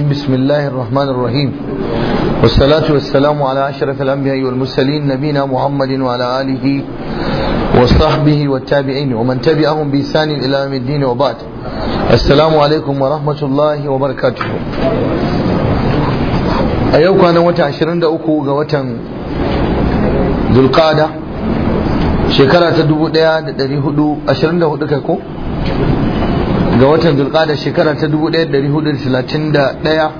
بسم الله الرحمن الرحيم والصلاة والسلام على أشرف الأنبياء والمرسلين نبينا محمد وعلى آله وصحبه والتابعين ومن تبعهم بإحسان إلى يوم الدين وبعد السلام عليكم ورحمة الله وبركاته أيوك أنا وتا عشرين دقوة وتا ذو القعدة شكرا تدبو ديا دري هدو عشرين دقوة ga watan da shekara ta 1431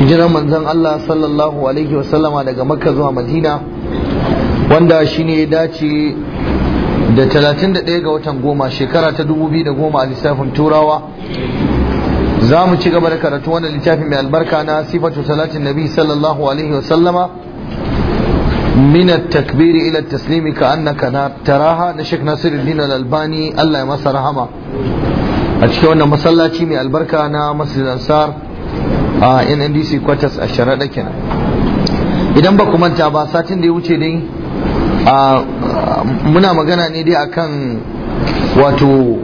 hijirar manzon Allah sallallahu alaihi wasallama daga makka zuwa madina wanda shi ne dace da 31 ga watan goma shekara ta 2010 a lissafin turawa za mu ci gaba da karatu wannan littafi mai albarka na sifatu salatin nabi sallallahu alaihi wasallama من التكبير إلى التسليم كأنك تراها نشك ناصر الدين الألباني الله يمسى رحمه a cikin wannan masallaci mai albarka na masjid ansar a nndc quarters a sharaɗa kenan idan ba ku manta ba satin da ya wuce dai muna magana ne dai akan wato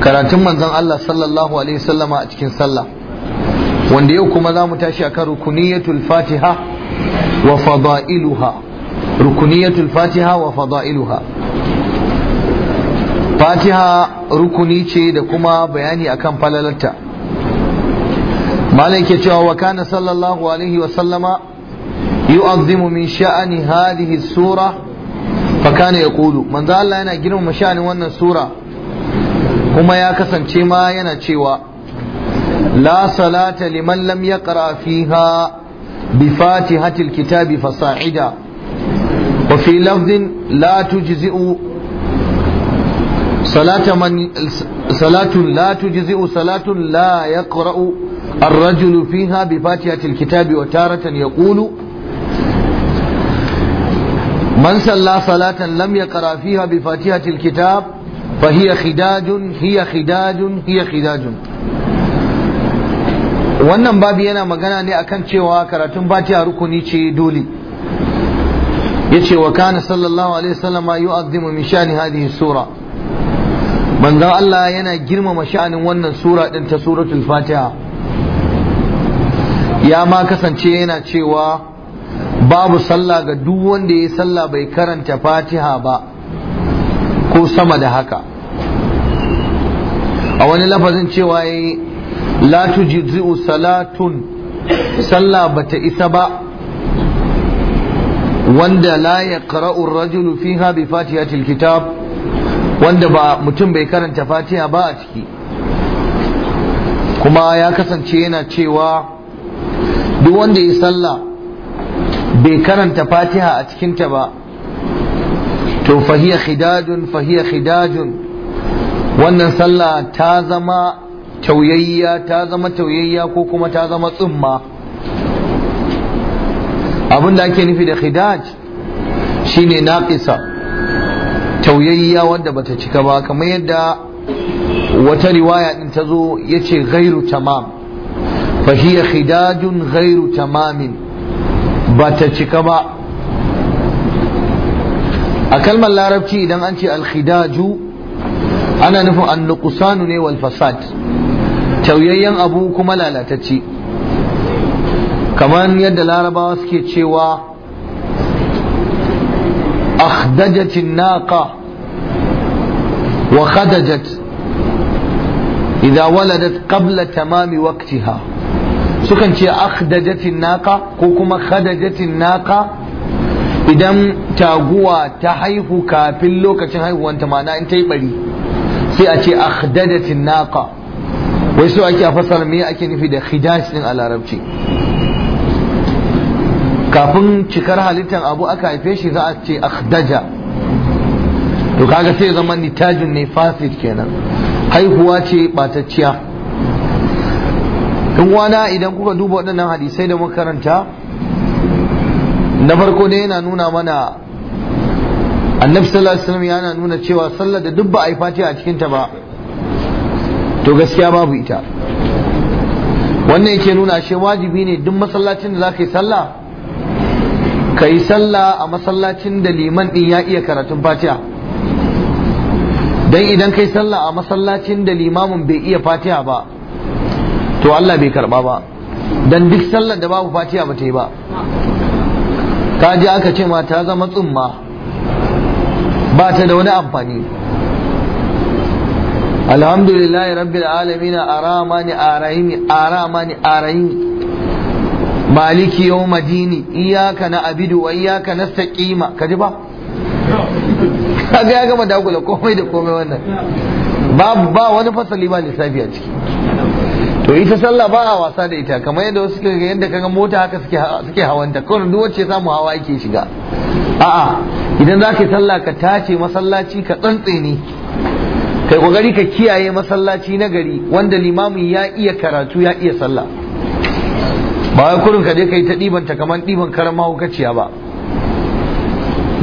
karatun manzon Allah sallallahu alaihi sallama a cikin sallah wanda yau kuma za mu tashi akan rukuniyatul fatiha wa fatiha wa fada'iluha fatiha rukuni ce da kuma bayani akan falalarta malai ke cewa wa kana sallallahu alaihi wa sallama yu'azzimu min sha'ani hadhihi sura fa kana yaqulu manzo Allah yana girmama sha'anin wannan sura kuma ya kasance ma yana cewa la salata liman lam yaqra fiha bi fatihatil kitabi fasa'ida wa fi lafdhin la tujzi'u Salatu man salatun la tujzi'u salatun fiha bi fatihatil kitabi من صلى صلاة لم يقرأ فيها بفاتحة الكتاب فهي خداج هي خداج هي خداج wannan babu yana magana ne akan cewa karatun fatiha rukuni ce dole yace wa kana sallallahu alaihi wasallama yu'azzimu min shani hadhihi sura manzon Allah yana girmama sha'anin wannan sura din ta suratul fatiha ya ma kasance yana cewa babu sallah ga duk wanda ya sallah bai karanta fatiha ba ko sama da haka a wani lafazin cewa yi la tujzi'u salatun sallah bata isa ba wanda la yaqra'u ar-rajulu fiha bi fatihatil kitab wanda ba mutum bai karanta fatiha ba a ciki kuma ya kasance yana cewa duk wanda ya sallah bai karanta fatiha a cikinta ba to fahiya khidajun fahiya khidajun wannan sallah ta zama tauyayya ta zama tauyayya ko kuma ta zama tsumma abin da ake nufi da khidaj shine naqisa tauyayya wanda bata cika ba kamar yadda wata riwaya din ta zo ya ce tamam fa hiya khidajun gairu tamamin bata cika ba a kalmar larabci idan an ce ana nufin an nuqsanu ne wal fasad abu kuma lalatacce kamar yadda larabawa suke cewa akhdajatin cinnaka. wa khadajat idza waladat qabla tamami waqtiha sukan ce akhdajatin naqa ko kuma khadajatin naqa idan taguwa ta haihu kafin lokacin haihuwanta mana in ta yi bari sai a ce akhdajatin naqa wai so ake a me ake nufi da khidaj din a larabci kafin cikar halittar abu aka haife shi za a ce akhdaja to kaga sai zama nitajin ne fasid kenan haihuwa ce batacciya in wana idan kuka duba waɗannan hadisai da makaranta na farko ne yana nuna mana annabi sallallahu alaihi wasallam yana nuna cewa sallar da dubba ba a a cikin ta ba to gaskiya babu ita wannan yake nuna shi wajibi ne duk masallacin da zaka yi sallah ka yi sallah a masallacin da liman din ya iya karatun fatiha dan idan kai sallah a masallacin da limamin bai iya fatiha ba to Allah bai karba ba dan duk sallar da babu fatiha ba ta yi ba Ka ji aka ce ma ta zama tsumma ba ta da wani amfani alhamdulillahi rabbil alamin aramani arahimi aramani arahimi maliki yawmadini iyyaka na'budu wa iyyaka ka kaji ba kaga ya gama dagula komai da komai wannan ba wani fasali ba lissafi a ciki to ita sallah ba a wasa da ita kamar yadda wasu suke yadda kaga mota haka suke suke hawanta kawai duk wacce samu hawa yake shiga a'a idan zaka yi sallah ka tace masallaci ka tsantsene kai kokari ka kiyaye masallaci na gari wanda limamin ya iya karatu ya iya sallah ba wai kurin ka je kai ta ta kamar ɗiban karan mahaukaciya ba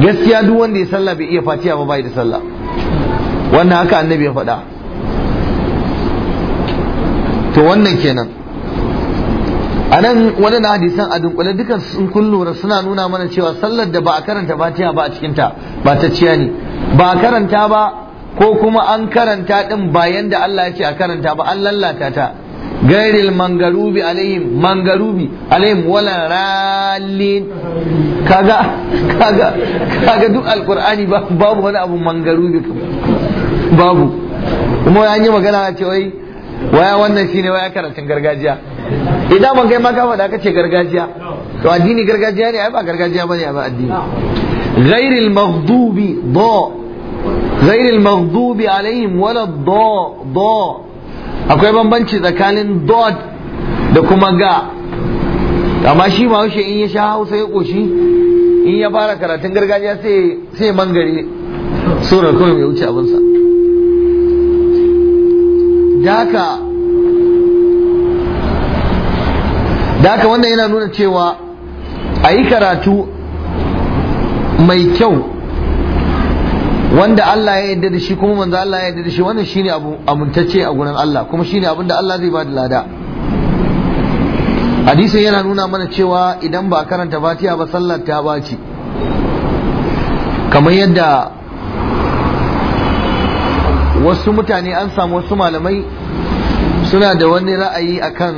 gaskiya duk wanda ya sallah bai iya fatiha ba bai da sallah wannan haka annabi ya faɗa to wannan kenan anan nan wani na hadisan a dunkule dukan sun kun lura suna nuna mana cewa sallar da ba a karanta fatiha ba a ta ba ta ciya ne ba a karanta ba ko kuma an karanta din bayan da Allah ya ce a karanta ba an lallata ta غير المنغروب عليهم منغروب عليهم ولا رالين كذا كذا كذا دو القرآن باب ولا أبو منغروب babu kuma an yi magana a ce wai waya wannan shine waya karatun gargajiya idan eh, ban kai maka faɗa kace gargajiya to addini gargajiya ne ai ba gargajiya bane ba addini ghairil maghdubi da ghairil maghdubi alaihim wala da da akwai bambanci tsakanin dot da kuma ga amma shi ma haushe in ya sha hausa ya koshi in ya fara karatun gargajiya sai mangare surar kawai mai wuce abinsa daka daka wannan yana nuna cewa a yi karatu mai kyau wanda Allah ya yarda da shi kuma manzo Allah ya yarda da shi wannan shine abu amintacce a gurin Allah kuma shine abin da Allah zai bada lada hadisin yana nuna mana cewa idan ba karanta fatiha ba sallar ta baci kamar yadda wasu mutane an samu wasu malamai suna da wani ra'ayi akan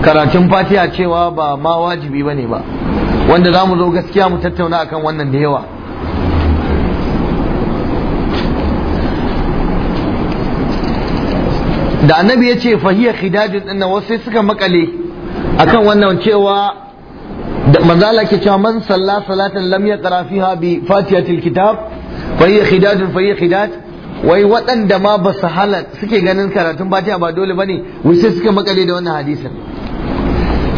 karatun fatiha cewa ba ma wajibi bane ba wanda za mu zo gaskiya mu tattauna akan wannan da yawa da annabi ya ce fahiya khidajin din nan wasu suka makale akan wannan cewa da manzala ke cewa man salla salatan lam yaqra fiha bi fatihatil kitab fahiya khidajin fahiya khidaj wai waɗanda ma ba su halar suke ganin karatun fatiha ba dole bane wai sai suka makale da wannan hadisin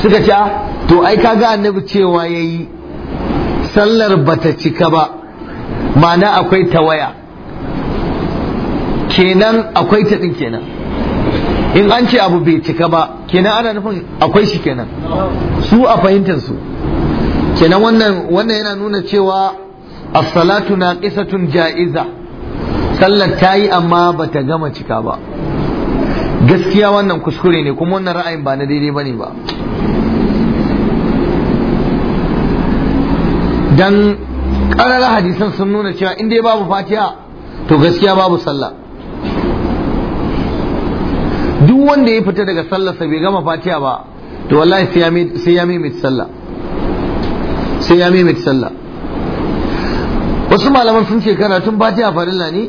suka ce ah, to ai kaga annabi cewa yayi sallar bata cika ba ma'ana akwai tawaya kenan akwai ta kenan in an ce abu bai cika ba kenan ana nufin akwai shi kenan su a fahimtar su kenan wannan wannan yana nuna cewa as-salatu naqisatun ja'iza sallar ta yi amma ba ta gama cika ba gaskiya wannan kuskure ne kuma wannan ra'ayin ba na daidai bane ba dan ƙarar hadisan sun nuna cewa in dai babu fatiha to gaskiya babu sallah duk wanda ya fita daga sallarsa bai gama fatiha ba to wallahi sai ya mimit sallah sai ya mimit sallah wasu malaman sun ce karatun fatiha farilla ne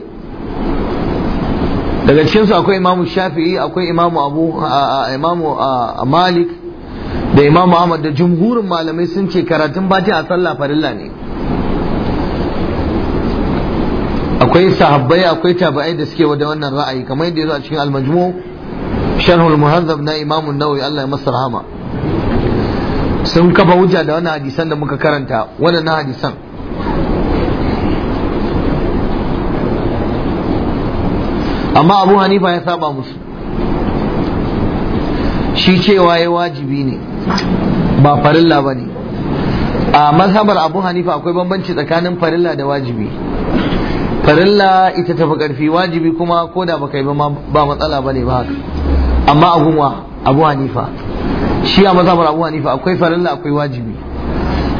daga cikinsu akwai imamu shafi'i akwai imamu abu imamu malik da imamu ahmad da jumhurin malamai sun ce karatun fatiha sallah farilla ne akwai sahabbai akwai tabi'ai da suke wada wannan ra'ayi kamar yadda ya a cikin almajmu sharhul muhazzab na imamun nawawi Allah ya masa rahama sun kafa hujja da wani hadisan da muka karanta wannan hadisan amma abu hanifa ya saba musu shi cewa ya wajibi ne ba farilla ba ne a mazhabar abu hanifa akwai bambanci tsakanin farilla da wajibi farilla ita tafi karfi wajibi kuma ko da baka yi ba matsala ba ne ba haka amma abun wa abu hanifa shi a mazhabar abu hanifa akwai farilla akwai wajibi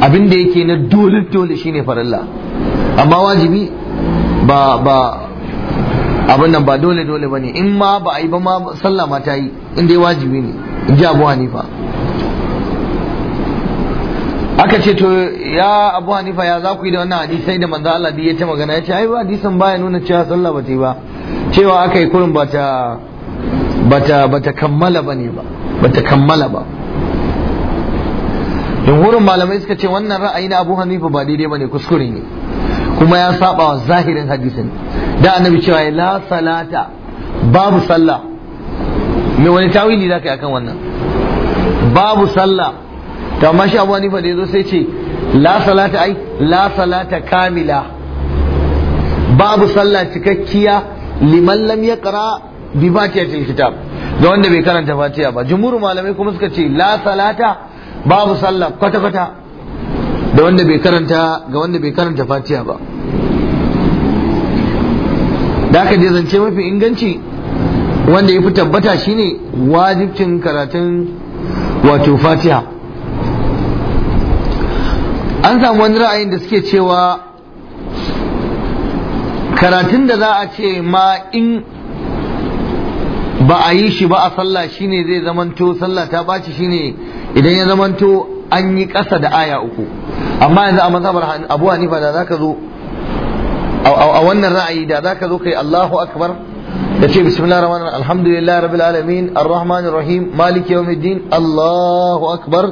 abin da yake na dole dole shine farilla amma wajibi ba ba abin nan ba dole dole bane in ma ba a yi ba ma sallah ma ta yi in dai wajibi ne in ji abu hanifa aka ce to ya abu hanifa ya za ku yi da wannan hadisai da manzo Allah ya ce magana ya ce ai ba hadisin baya nuna cewa sallah ba ta yi ba cewa aka yi kurin ba ta bata kammala bane ba bata kammala ba malamai suka ce wannan ra'ayi na Abu Hanifa ba daidai bane kuskure ne kuma ya saba wa zahirin hadisin da annabi cewa la salata babu sallah me wani tawili zaka yi akan wannan babu sallah to amma shi Abu Hanifa da yazo sai ce la salata ai la salata kamila babu sallah cikakkiya liman lam yaqra bi kitab ga wanda bai karanta fatiha ba jumhur malamai kuma suka ce la salata babu sallah kwata kwata da wanda bai karanta ga wanda bai karanta fatiha ba da aka je zance mafi inganci wanda ya fi tabbata shine wajibcin karatun wato fatiha an samu wani ra'ayin da suke cewa karatun da za a ce ma in ba a yi shi ba a sallah shine zai zamanto sallah ta baci shine idan ya zamanto an yi ƙasa da aya uku amma yanzu a mazhabar Abu Hanifa da ka zo a wannan ra'ayi da za ka zo kai Allahu akbar da ce bismillahir rahmanir rahim alhamdulillahi rabbil alamin arrahmanir rahim maliki yawmiddin Allahu akbar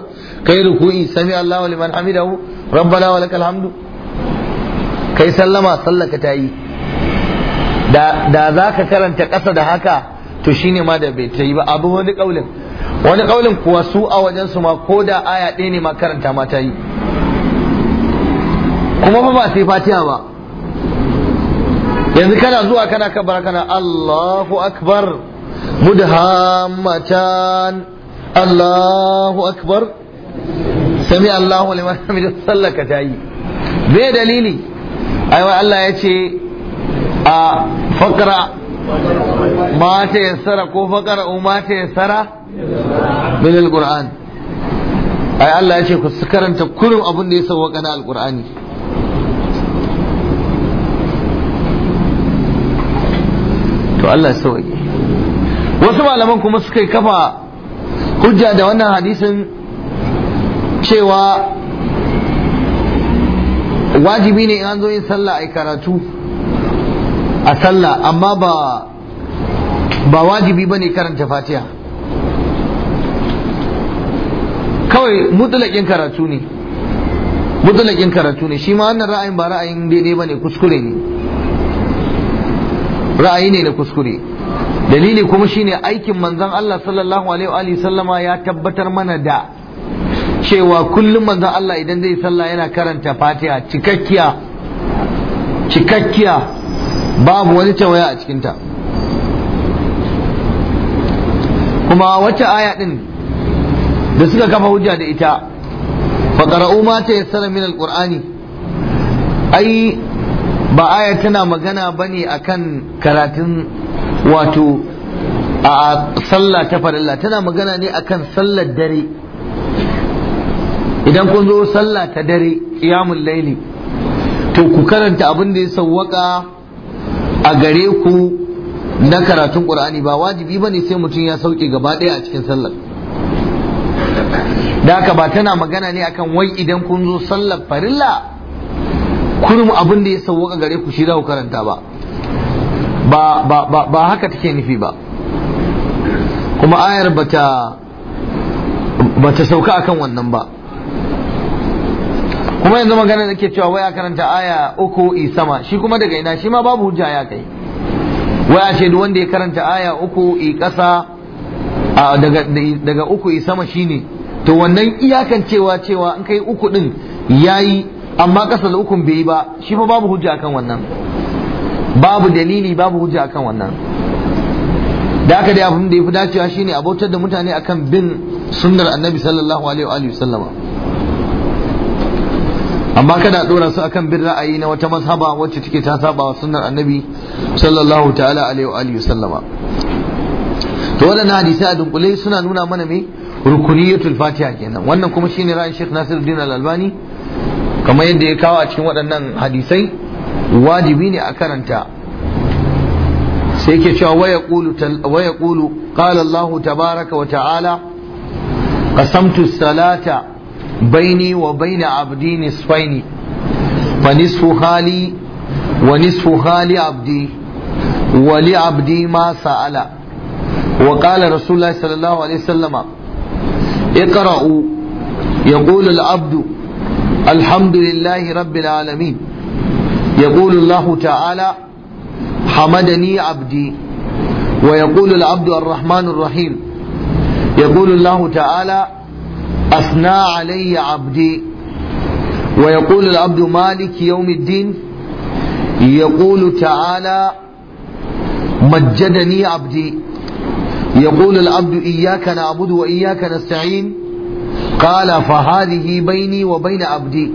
kai ruku'i sami allah Allahu liman hamidahu rabbana wa lakal hamdu kai sallama sallaka tayi da da ka karanta ƙasa da haka to shine ma da bai ta yi ba abu wani kaulin wani kaulin kuwa su a wajen su ma ko da aya ɗaya ne ma karanta ma ta yi kuma ba ba sai fatiha ba yanzu kana zuwa kana kabara kana Allahu akbar mudhammatan Allahu akbar sami Allahu liman hamidu sallaka ta yi dalili aiwa Allah ya ce a fakra ma ta yassara ko faƙara o ma ta yassara min alquran ai Allah ya ce ku karanta kurum abin da ya sauka na alqurani to Allah ya sauke wasu malaman kuma suka yi kafa hujja da wannan hadisin cewa wajibi ne in zo yin sallah ai karatu a sallah amma ba ba wajibi ne karanta fatiha kawai mutulakin karatu ne mutulakin karatu ne shi ma wannan ra'ayin ba ra'ayin daidai ba ne kuskure ne ra'ayi ne na kuskure dalili kuma shine aikin manzon Allah sallallahu alaihi wa sallama ya tabbatar mana da cewa kullum manzon Allah idan zai sallah yana karanta fatiha cikakkiya cikakkiya babu wani tawaya a cikinta kuma wacce aya din da suka kafa hujja da ita faqara'u ma yassara min alqur'ani ai ba aya tana magana bane akan karatun wato a sallah ta farilla tana magana ne akan sallar dare idan kun zo sallah ta dare qiyamul laili to ku karanta abin da ya sauwaƙa. a gare ku na karatun qur'ani ba wajibi ba ne sai mutum ya sauke gaba ɗaya a cikin sallar da haka ba tana magana ne akan wai idan kun zo sallar farilla kurum abin da ya sauwaka gare ku shi za ku karanta ba ba haka take nufi ba kuma ayar bata bata sauka akan wannan ba kuma yanzu magana da ke cewa waya karanta aya uku i sama shi kuma daga ina shi ma babu hujja ya kai waya shaidu wanda ya karanta aya uku i kasa daga uku i sama shine to wannan iyakan cewa cewa in kai uku din yayi amma kasa da ukun bai yi ba shi fa babu hujja akan wannan babu dalili babu hujja akan wannan da aka dai abin da ya fi dacewa shine abautar da mutane akan bin sunnar annabi sallallahu alaihi wa sallama amma kada dora su akan bin ra'ayi na wata mazhaba wacce take ta saba wa sunnar annabi sallallahu ta'ala alaihi wa alihi sallama to wadannan hadisi a dunkule suna nuna mana me rukuniyatul fatiha kenan wannan kuma shine ra'ayin Sheikh Nasiruddin Al-Albani kamar yadda ya kawo a cikin waɗannan hadisai wajibi ne a karanta sai yake cewa waya qulu waya qulu qala Allah tabaaraka wa ta'ala qasamtu salata بيني وبين عبدي نصفين فنصف خالي ونصف خالي عبدي ولعبدي ما سأل وقال رسول الله صلى الله عليه وسلم اقرأوا يقول العبد الحمد لله رب العالمين يقول الله تعالى حمدني عبدي ويقول العبد الرحمن الرحيم يقول الله تعالى أثنى علي عبدي ويقول العبد مالك يوم الدين يقول تعالى مجدني عبدي يقول العبد إياك نعبد وإياك نستعين قال فهذه بيني وبين عبدي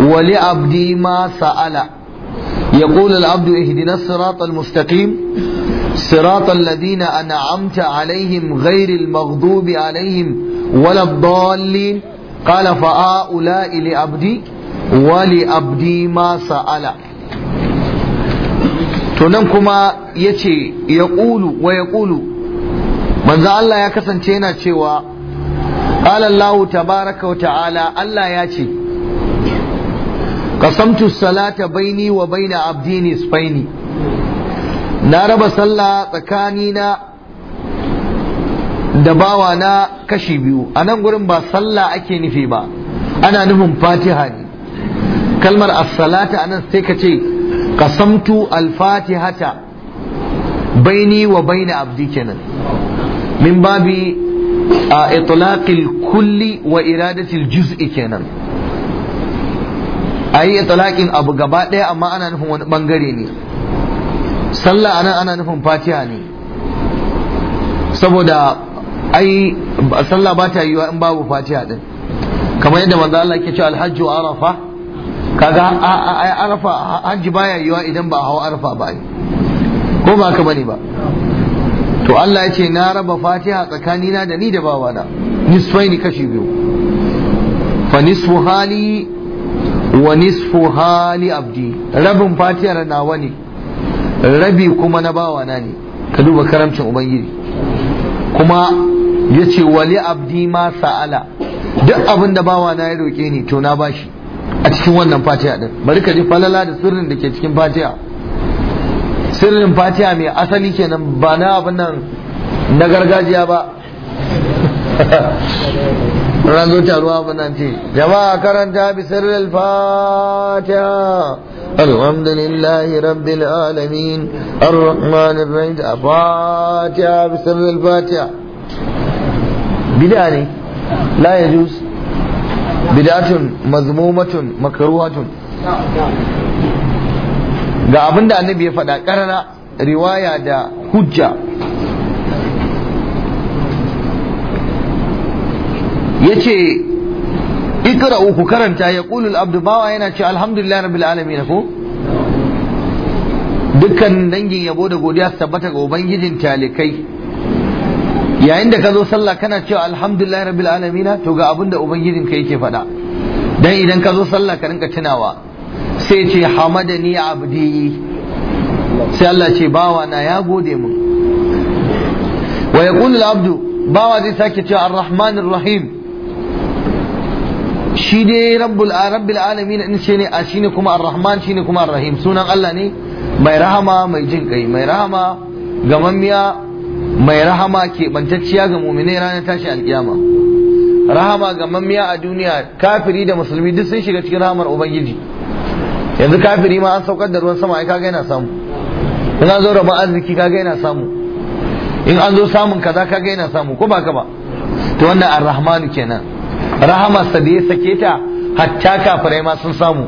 ولعبدي ما سأل يقول العبد اهدنا الصراط المستقيم صراط الذين أنعمت عليهم غير المغضوب عليهم ولا الضالين قال فهؤلاء لأبدي ولأبدي ما tunan kuma ya ce ya ƙulu wa ya ƙulu manzan Allah ya kasance yana cewa alallahu tabaraka wa ta'ala Allah ya ce ka salata baini wa baina abdini spaini na raba sallah tsakanina da bawa na kashi biyu a nan gurin ba sallah ake nufi ba ana nufin fatiha ne kalmar as-salata anan sai ka ce qasamtu al-fatihata baini wa baina abdi kenan min babi a itlaqil kulli wa iradatil juz'i kenan ayi itlaqin abu gaba daya amma ana nufin wani bangare ne sallah anan ana nufin fatiha ne saboda ai sallah ba ta yiwa in babu fatiha din kamar yadda manzo Allah yake cewa alhajju arafa kaga ai arafa hajji baya yiwa idan ba hawa arafa ba ko ba ka bane ba to Allah ya ce na raba fatiha tsakanina da ni da bawana nisfaini kashi biyu fa nisfu hali wa nisfu hali abdi rabin fatiha nawa ne rabi kuma na bawa na ne ka duba karamcin ubangiji kuma ya ce wali abdi ma sa'ala duk abin da bawa na ya roƙe ni to na bashi a cikin wannan Fatiya din bari ka ji falala da sirrin da ke cikin Fatiya. sirrin Fatiya mai asali kenan ba na abin nan na gargajiya ba ranzo taruwa abin nan ce jama'a karanta bi sirrin Fatiya. الحمد لله رب العالمين الرحمن الرحيم فاتحة بسبب الفاتحة بداني لا يجوز بدعة مذمومة مكروهة ga abin da annabi ya faɗa ƙarara riwaya da hujja ya ce ikra uku karanta ya qulul abdu bawa yana ce alhamdulillah rabbil alamin ko dukkan dangin yabo da godiya su tabbata ga ubangijin talikai yayin da ka zo sallah kana cewa alhamdulillah rabbil alamin to ga abin da ubangijin ka yake faɗa dan idan ka zo sallah ka rinka tunawa sai ce hamadani abdi sai Allah ce bawa na ya gode mu wa yaqulu abdu bawa zai sake cewa arrahmanir rahim shi dai rabbul rabbil alamin ce ne a shine kuma arrahman shine kuma arrahim sunan Allah ne mai rahama mai jin kai mai rahama ga mamiya mai rahama ke bantacciya ga mu'minai ranar tashi alkiyama rahama ga mamiya a duniya kafiri da musulmi duk sun shiga cikin rahamar ubangiji yanzu kafiri ma an saukar da ruwan sama ai kaga yana samu in an zo rabon arziki kaga yana samu in an zo samun kaza kaga yana samu ko ba ka ba to wannan arrahmanu kenan rahamarsa da ya sake ta hatta kafirai ma sun samu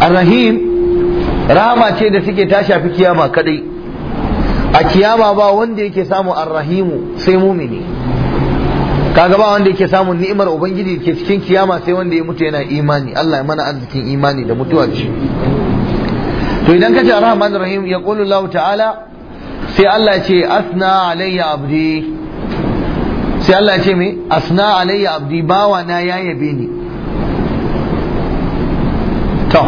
arrahim rahama ce da suke ta shafi kiyama kadai a kiyama ba wanda yake samu arrahimu sai mumini kaga ba wanda yake samu ni'imar ubangiji ke cikin kiyama sai wanda ya mutu yana imani Allah ya mana arzikin imani da mutuwa ce to idan ka ce rahman rahim ya qulu ta'ala sai Allah ce asna alayya abdi sai Allah ce mai asna alayya abdi bawa na ya yabe ni to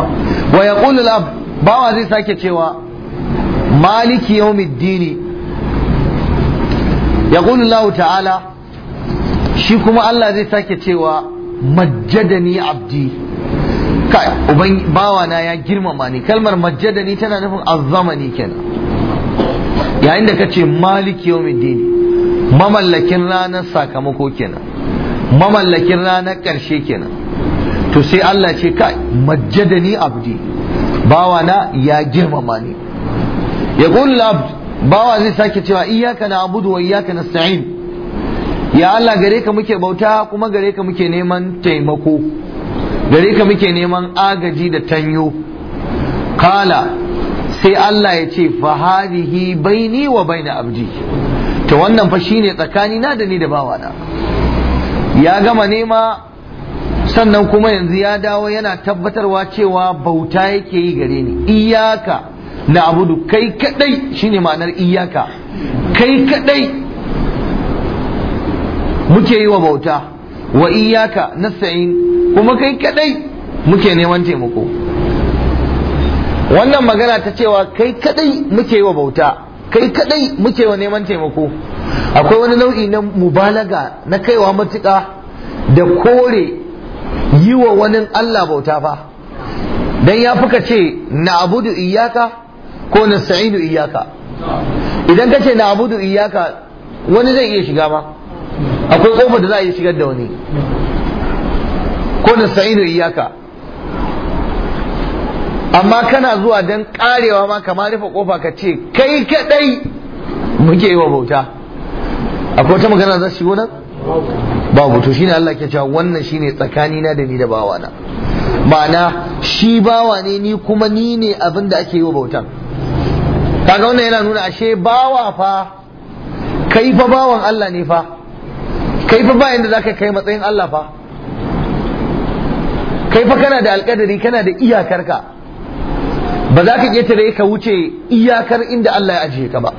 wa yaqulu al bawa zai sake cewa maliki ya yaqulu Allah ta'ala shi kuma Allah zai sake cewa majjadani abdi uban bawa na ya girmama ni kalmar majjadani tana nufin azzamani kenan yayin da kace maliki yawmiddini mamallakin ranar sakamako kenan mamallakin ranar ƙarshe kenan to sai Allah ce ka majjadani abdi bawa na ya girmama ni ya abd bawa zai sake cewa iyaka na abudu wa na sa'in. ya Allah gare ka muke bauta kuma gare ka muke neman taimako gare ka muke neman agaji da tanyo kala sai Allah ya ce fa hadihi baini wa baina abdi Ta wannan fa shine tsakani na da ni da bawana ya gama nema sannan kuma yanzu ya dawo yana tabbatarwa cewa bauta yake yi gare ni iyaka na abudu kai kadai shine ma'anar iyaka kai kadai muke yi wa bauta wa iyaka nasta'in kuma kai kadai muke neman taimako wannan magana ta cewa kai kadai muke yi wa bauta kai kadai muke wa neman taimako akwai wani nau'i na mubalaga na kaiwa matuƙa da kore yi wa wani Allah bauta fa dan ya fuka ce na abudu iyaka ko na sa'inu iyaka idan ka ce na abudu iyaka wani zai iya shiga ma akwai kofar da za a iya shigar da wani ko na sa'inu iyaka amma kana zuwa don karewa ma kama rufe kofa ka ce kai kadai muke yi wa bauta akwai wata magana za su shigo nan babu to shine Allah ke cewa wannan shine tsakani na da ni da bawana ma'ana shi bawa ne ni kuma ni ne abin da ake yi wa bautan kaga wannan yana nuna ashe bawa fa kai fa bawan Allah ne fa kai fa bayan da zaka kai matsayin Allah fa kai fa kana da alkadari kana da iyakarka ba za ka ƙetare ka wuce iyakar inda Allah ya ajiye ka ba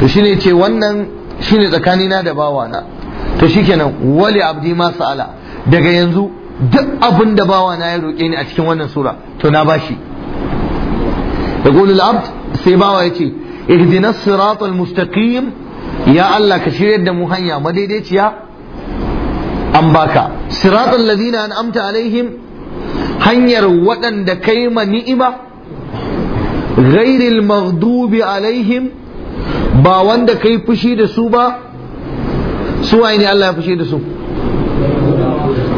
to ne ce wannan shine tsakanina da bawana to shikenan wali abdi ma sa'ala daga yanzu duk abin da bawana ya roƙe ni a cikin wannan sura to na bashi Da gudun abd sai bawa ya yace ihdina siratul mustaqim ya Allah ka shiryar da mu hanya madaidaiciya an baka siratul ladina Amta alaihim hanyar waɗanda kai ma ni'ima ghairil maghdubi alaihim ba wanda kai fushi da su ba su ne Allah ya fushi da su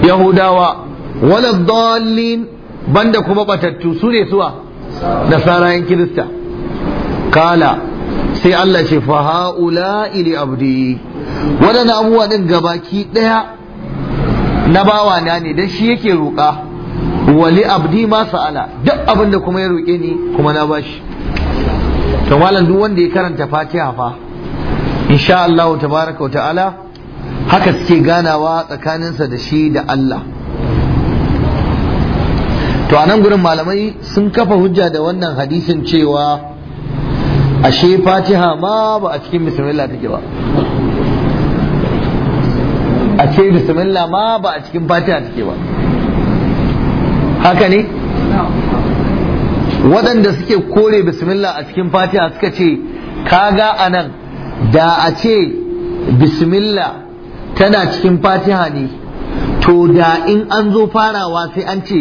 yahudawa wala dallin banda kuma batattu su ne suwa da kirista kala sai Allah ce fa haula ili abdi waɗannan abubuwa din gabaki ɗaya na bawa na ne don shi yake roƙa wali abdi ma sa'ala duk abin da kuma ya roƙe ni kuma na bashi to malam duk wanda ya karanta fatiha fa insha Allah tabaraka wa ta'ala haka suke ganawa tsakaninsa da shi da Allah to anan gurin malamai sun kafa hujja da wannan hadisin cewa ashe fatiha ma ba a cikin bismillah take ba a bismillah ma ba a cikin fatiha take ba haka ne waɗanda suke kore bismillah a cikin fatiha suka ce kaga anan da a ce bismillah tana cikin fatiha ne to da in an zo farawa sai an ce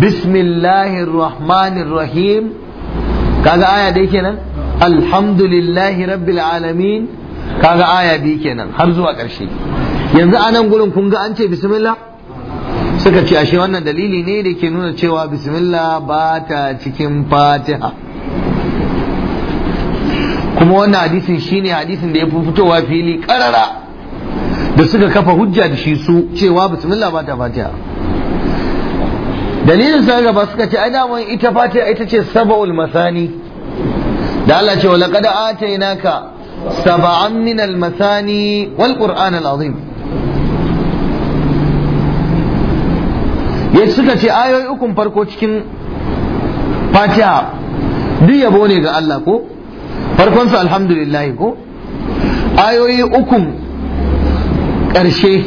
bismillahirrahmanirrahim kaga aya dai kenan alhamdulillahi rabbil alamin kaga aya biyu kenan har zuwa ƙarshe yanzu anan gurin kun ga an ce bismillah suka ce ashe wannan dalili ne da ke nuna cewa bismillah ba ta cikin fatiha kuma wannan hadisin shine hadisin da ya fi fitowa fili karara da suka kafa hujja da shi su cewa bismillah ba ta fatiha dalilin sa gaba suka ce ai daman ita fatiha ita ce sab'ul masani da Allah ce wa laqad atainaka sab'an min masani wal qur'an al azim ya suka ce ayoyi ukun farko cikin fatiha duk yabo ne ga Allah ko farkonsu alhamdulillah ko ayoyi ukun ƙarshe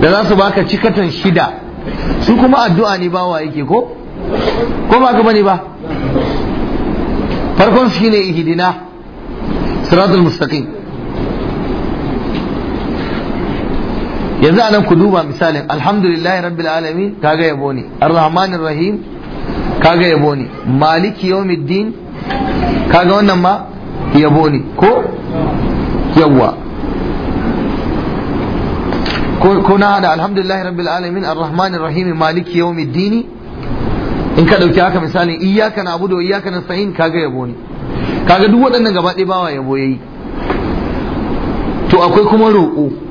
da za su baka cikatan shida su kuma addu'a ne wa yake ko ko ba ka bane ba farkon shine ihdina siratul mustaqim yanzu anan ku duba misalin alhamdulillahi rabbil alamin kaga yabo ne arrahmanir rahim kaga yabo ne maliki yawmiddin kaga wannan ma yabo ne ko yawwa ko na hada alhamdulillahi rabbil alamin arrahmanir rahim maliki yawmiddin in ka dauki haka misalin iyyaka na'budu wa iyyaka nasta'in kaga yabo ne kaga duk waɗannan gaba ɗaya bawa yabo yayi to akwai kuma roƙo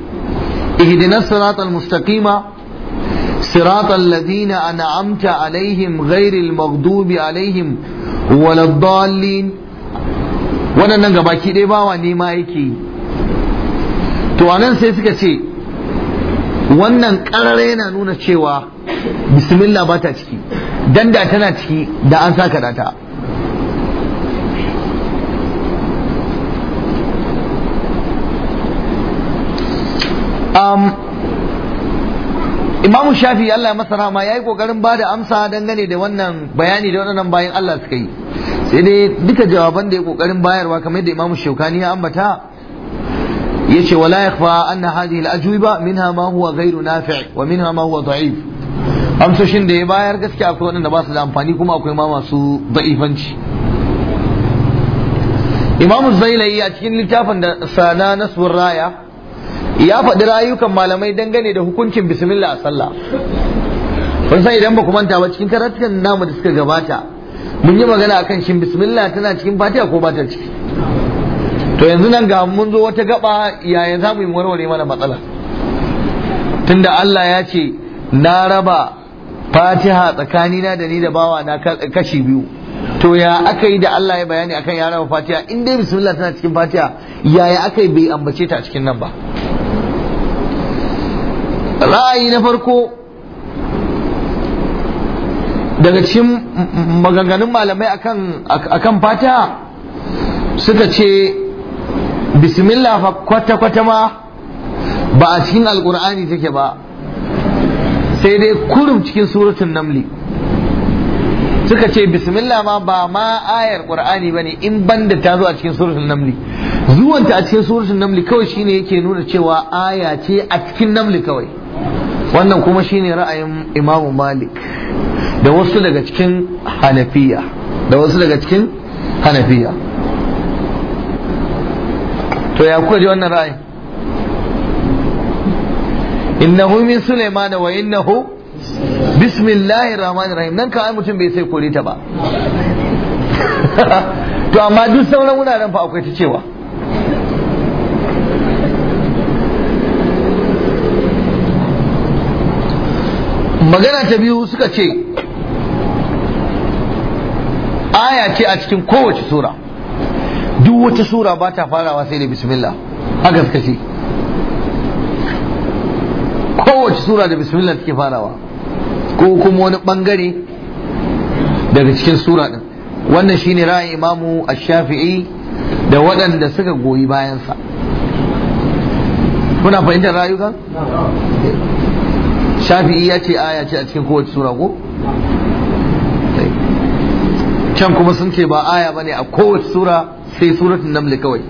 اهدنا الصراط المستقيم صراط الذين انعمت عليهم غير المغضوب عليهم ولا الضالين waɗannan gabaki ɗaya bawa nema yake yi to anan sai suka ce wannan ƙarar yana nuna cewa bismillah ba ta ciki danda tana ciki da an saka data Um, imamu shafi Allah masa rahama ya yi kokarin ba da amsa dangane da wannan bayani da wannan bayan Allah suka yi sai dai duka jawaban da ya kokarin bayarwa kamar yadda imamu shaukani ya ambata ya ce wala ya fa anna hadhihi al-ajwiba minha ma huwa ghayru nafi' wa minha ma huwa da'if amsoshin da ya bayar gaskiya akwai waɗanda ba su da amfani kuma akwai ma masu da'ifanci imamu zailai a cikin littafin da sana nasbur raya ya faɗi rayukan malamai dangane da hukuncin bismillah a sallah kun san idan ba ku manta ba cikin karatun namu da suka gabata mun yi magana akan shin bismillah tana cikin fatiha ko ba ta ciki to yanzu nan ga mun zo wata gaba yaya za mu yi warware mana matsala tunda Allah ya ce na raba fatiha tsakanina da ni da bawa na kashi biyu to ya aka yi da Allah ya bayani akan ya raba fatiha in dai bismillah tana cikin fatiha yaya aka yi bai ambace ta a cikin nan ba ra'ayi na farko daga cikin maganganun malamai akan fata suka ce bismillah fa kwata-kwata ma ba a cikin alkur'ani take ba sai dai kurum cikin suratun namli suka ce bismillah ma ba ma ayar qur'ani bane in banda ta zo a cikin suratul namli zuwanta a cikin suratul namli kawai shine yake nuna cewa aya ce a cikin namli kawai wannan kuma shine ra'ayin imamu malik da wasu daga cikin hanafiya da wasu daga cikin hanafiya to ya kuka ji wannan ra'ayin innahu min suleiman wa innahu bismillahir rahmanir rahim nan ka ai mutum bai sai kore ta ba to amma duk sauran wuraren fa akwai ta cewa magana ta biyu suka ce aya ce a cikin kowace sura duk wata sura ba ta farawa sai da bismillah haka suka ce kowace sura da bismillah take farawa ko kuma wani bangare daga cikin sura din wannan shine ra'ayin imamu ash-shafi'i da waɗanda suka goyi bayansa kuna fahimtar rayuka shafi'i ya ce aya ce a cikin kowace sura ko can kuma sun ce ba aya bane a kowace sura sai suratun namli kawai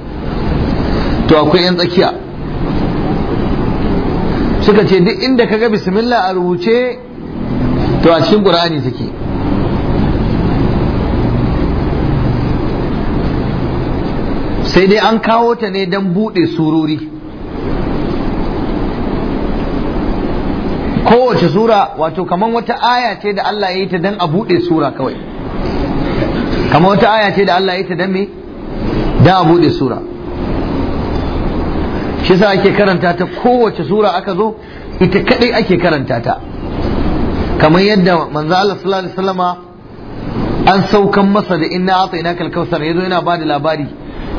to akwai yan tsakiya suka ce duk inda ka ga bismillah a rubuce to a cikin qur'ani take sai dai an kawo ta ne don buɗe surori kowace sura wato kaman wata aya ce da Allah ya yi ta dan a buɗe sura kawai kaman wata aya ce da Allah ya yi ta dan me dan a buɗe sura shi yasa ake karanta ta kowace sura aka zo ita kadai ake karanta ta kamar yadda manzo Allah sallallahu alaihi wasallama an saukan masa da inna kal kausar yazo yana ba da labari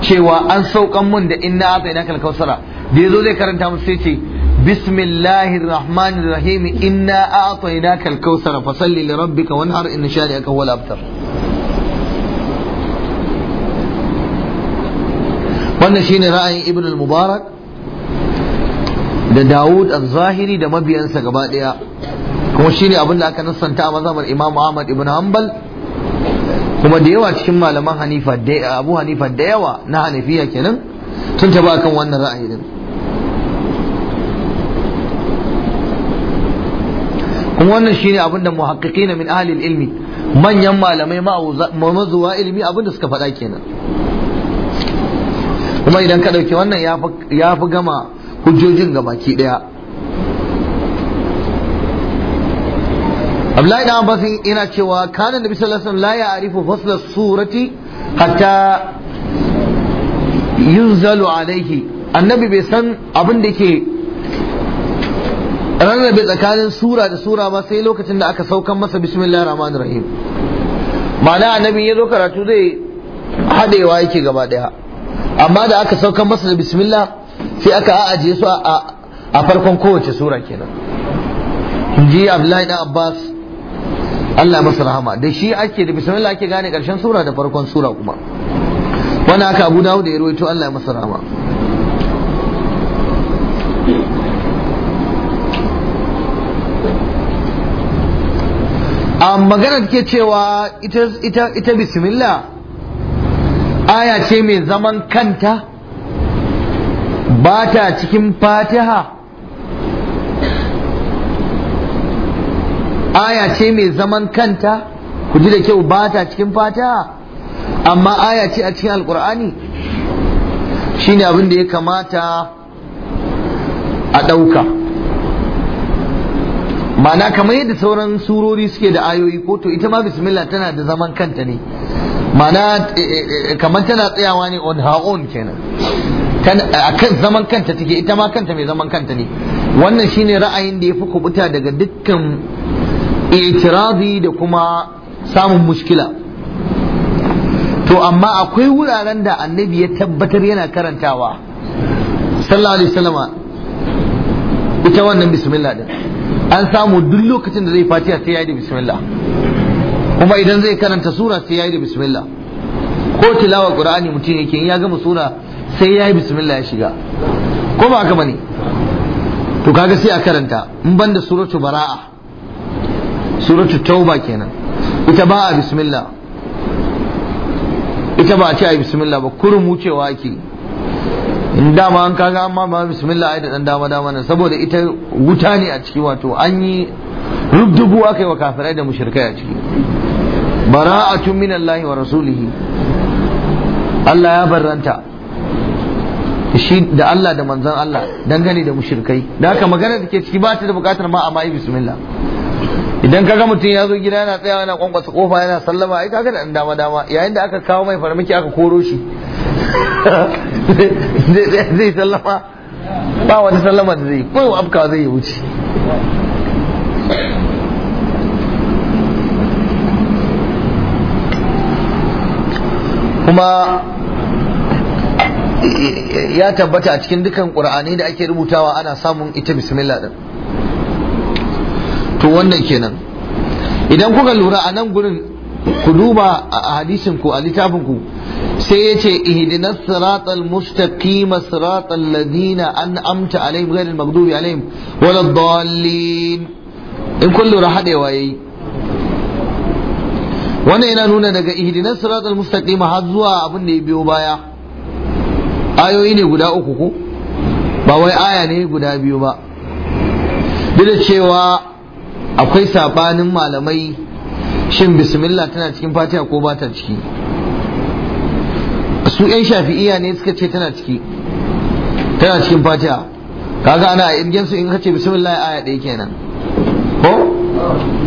cewa an saukan mun da inna kal kausara da yazo zai karanta musu sai ce بسم الله الرحمن الرحيم إنا أعطيناك الكوثر فصل لربك وانهر إن شانئك هو الأبتر wannan shine ra'ayin Ibnul mubarak da dawud al-zahiri da mabiyansa gaba daya kuma shine abin da aka nassanta a mazhabar imam ahmad ibn Hambal. kuma da yawa cikin malaman abu hanifa da yawa na hanafiya kenan sun taba kan wannan ra'ayi din kuma wannan shine abin da muhaqqiqina min ahli ilmi manyan malamai mazuwa ilmi abin da suka faɗa kenan kuma idan ka ɗauki wannan ya fi gama hujjojin ga baki ɗaya Abdullahi da Abbas ina cewa kana Nabi bisa lasan wasallam la ya'rifu fasla surati hatta yunzalu alaihi annabi bai san abin da yake rarrabe tsakanin sura da sura ma sai lokacin da aka saukan masa bismillah rahman rahim ma'ana annabi ya zo karatu zai haɗewa yake gaba ɗaya amma da aka saukan masa da bismillah sai aka a'aje su a farkon kowace sura kenan ji abdullahi dan abbas Allah masa rahama da shi ake da bismillah ake gane ƙarshen sura da farkon sura kuma wani aka abu dawo da ya rawaito Allah masa rahama a ah, maganar ke cewa ita bismillah aya ce mai zaman kanta ba ta cikin fatiha aya ce mai zaman kanta ku ji da kyau ba ta cikin fatiha amma aya ce a cikin alkur'ani shine abin da ya kamata a ɗauka ma'ana kamar yadda sauran surori suke da ayoyi ko to ita ma bismillah tana da zaman kanta ne ma'ana eh, eh, eh, kamar tana tsayawa ne on her own kenan akan zaman kanta take ita ma kanta mai zaman kanta ne wannan shine ra'ayin da ya fi kubuta daga dukkan itirazi da kuma samun mushkila to amma akwai wuraren da annabi ya tabbatar yana karantawa sallallahu alaihi wasallama ita wannan bismillah din an samu duk lokacin da zai fatiha sai ya yi da bismillah kuma idan zai karanta sura sai ya yi da bismillah ko tilawa qur'ani mutum yake ya gama sura sai ya yi bismillah ya shiga ko ba haka bane to kaga sai a karanta in banda suratu bara'a suratu tauba kenan ita ba a bismillah ita ba a ce a yi bismillah ba kurum wucewa ake in dama an kaga amma ba bismillah ai da dan dama dama nan saboda ita wuta ne a ciki wato an yi rubdubu aka yi wa kafirai da mushrikai a ciki bara'atun min Allah wa rasulihi Allah ya barranta shi da Allah da manzon Allah dangane da mushrikai da haka magana da ke ciki ba ta da bukatar ma amma yi bismillah idan kaga mutum ya zo gida yana tsayawa yana kwankwasa kofa yana sallama ai kaga da dan dama dama yayin da aka kawo mai farmaki aka koro shi zai sallama ba wani sallama da zai kowa afkawa zai yi wuce kuma ya tabbata a cikin dukan ƙura'ani da ake rubutawa ana samun ita bismillah din to wannan kenan idan kuka lura a nan gurin ku duba a hadisinku a littafinku. ku sai ya ce ihdinas siratal mustaqim siratal ladina an'amta alaihim ghayril maghdubi alaihim dallin in kun lura hadewa yayi wannan yana nuna daga ihdinas siratal mustaqim har zuwa abin da ya biyo baya ayoyi ne guda uku ko ba wai aya ne guda biyu ba duk da cewa akwai sabanin malamai shin bismillah tana cikin fatiha ko ba ta ciki su yan shafi'iya ne suka ce tana ciki tana cikin fatiha kaga ana a su in kace bismillah aya ɗaya kenan ko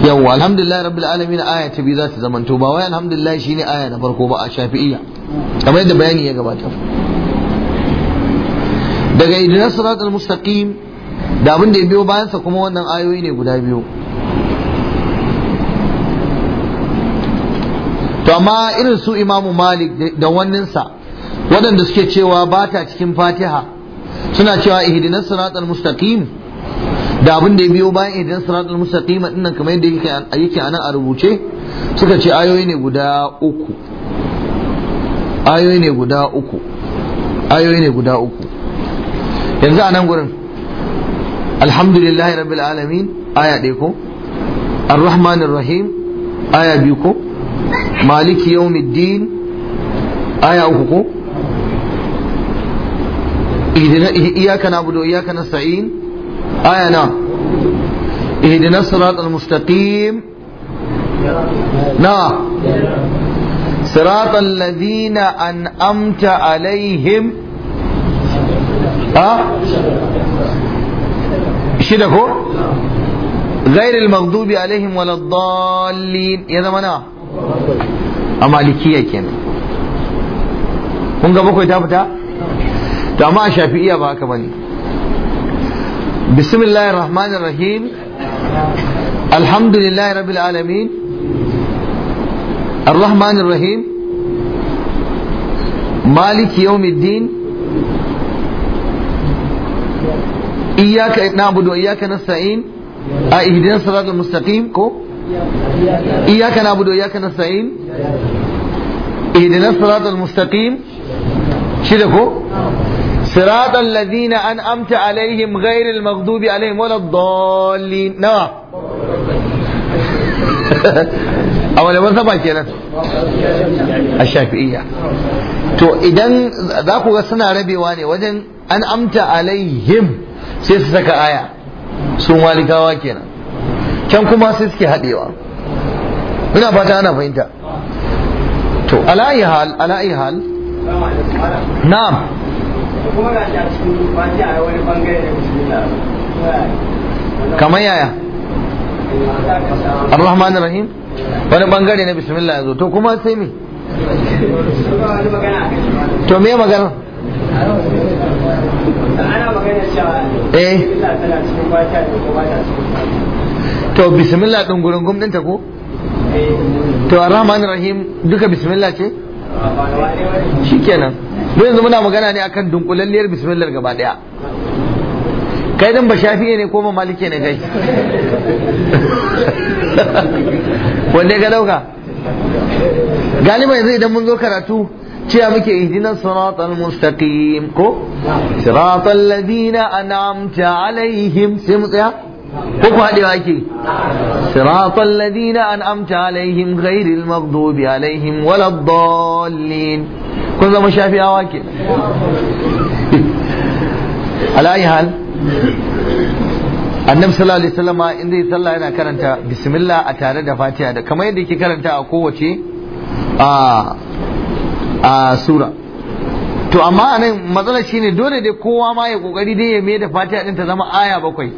yawa alhamdulillah rabbil alamin aya ta biyu za ta to ba wai alhamdulillah shine aya na farko ba a shafi'iya kamar yadda bayani ya gabata daga idinar siratul mustaqim da abin da ya biyo bayan sa kuma wannan ayoyi ne guda biyu to amma irin su imamu malik da sa waɗanda suke cewa ba ta cikin fatiha suna cewa ihdinas siratal mustaqim da abin da ya biyo bayan ihdinas siratal mustaqim din nan kamar yadda yake anan a rubuce suka ce ayoyi ne guda uku ayoyi ne guda uku ayoyi ne guda uku yanzu a nan gurin alhamdulillahi rabbil alamin aya ɗaya ko ar rahim aya biyu ko maliki yawmiddin aya uku ko ihdina iyyaka na'budu wa aya na ihdina siratal mustaqim na siratal ladina an'amta alaihim ah shida ko غير المغضوب عليهم ولا الضالين يا زمانه a malikiya kenan kun ga bakwai ta fita to amma a shafi'iya ba haka bane bismillahir rahmanir rahim alhamdulillahi rabbil alamin الرحمن الرحيم مالك يوم الدين إياك نعبد وإياك A أهدنا الصراط المستقيم كو إياك نعبد وإياك نستعين اهدنا الصراط المستقيم شدكو صراط الذين أنأمت عليهم غير المغضوب عليهم ولا الضالين نعم أولا ما سبعك من سبع كيلان الشافعية تو إذن ذاكو غسنا ربي واني وجن أنعمت عليهم سيسسك آية سومالي كواكينا can kuma sai suke haɗewa ina fata ana fahimta to ala'i hal ala'i hal na'am kuma ga cikin wani bangare kamar yaya ar-rahman rahim wani bangare na bismillah yazo to kuma sai me to me magana ana magana cewa eh to bismillah din gurin gumdin ta ko to arrahman rahim duka bismillah ce shikenan mu yanzu muna magana ne akan dunkulalliyar bismillah gaba daya kai dan ba shafi ne ko ba malike ne kai wanda ga dauka galiba yanzu idan mun zo karatu cewa muke ihdinas siratal mustaqim ko siratal ladina an'amta alaihim sai mu tsaya ko ku haɗewa ake siratal ladina an'amta alaihim ghairil maghdubi alaihim dallin kun zama shafi'awa ke ala'ayi hal annabi sallallahu alaihi wasallama inda ya sallah yana karanta bismillah a tare da fatiha da kamar yadda yake karanta a kowace a sura to amma anan matsalar shine dole dai kowa ma ya kokari dai ya mai da fatiha din ta zama aya bakwai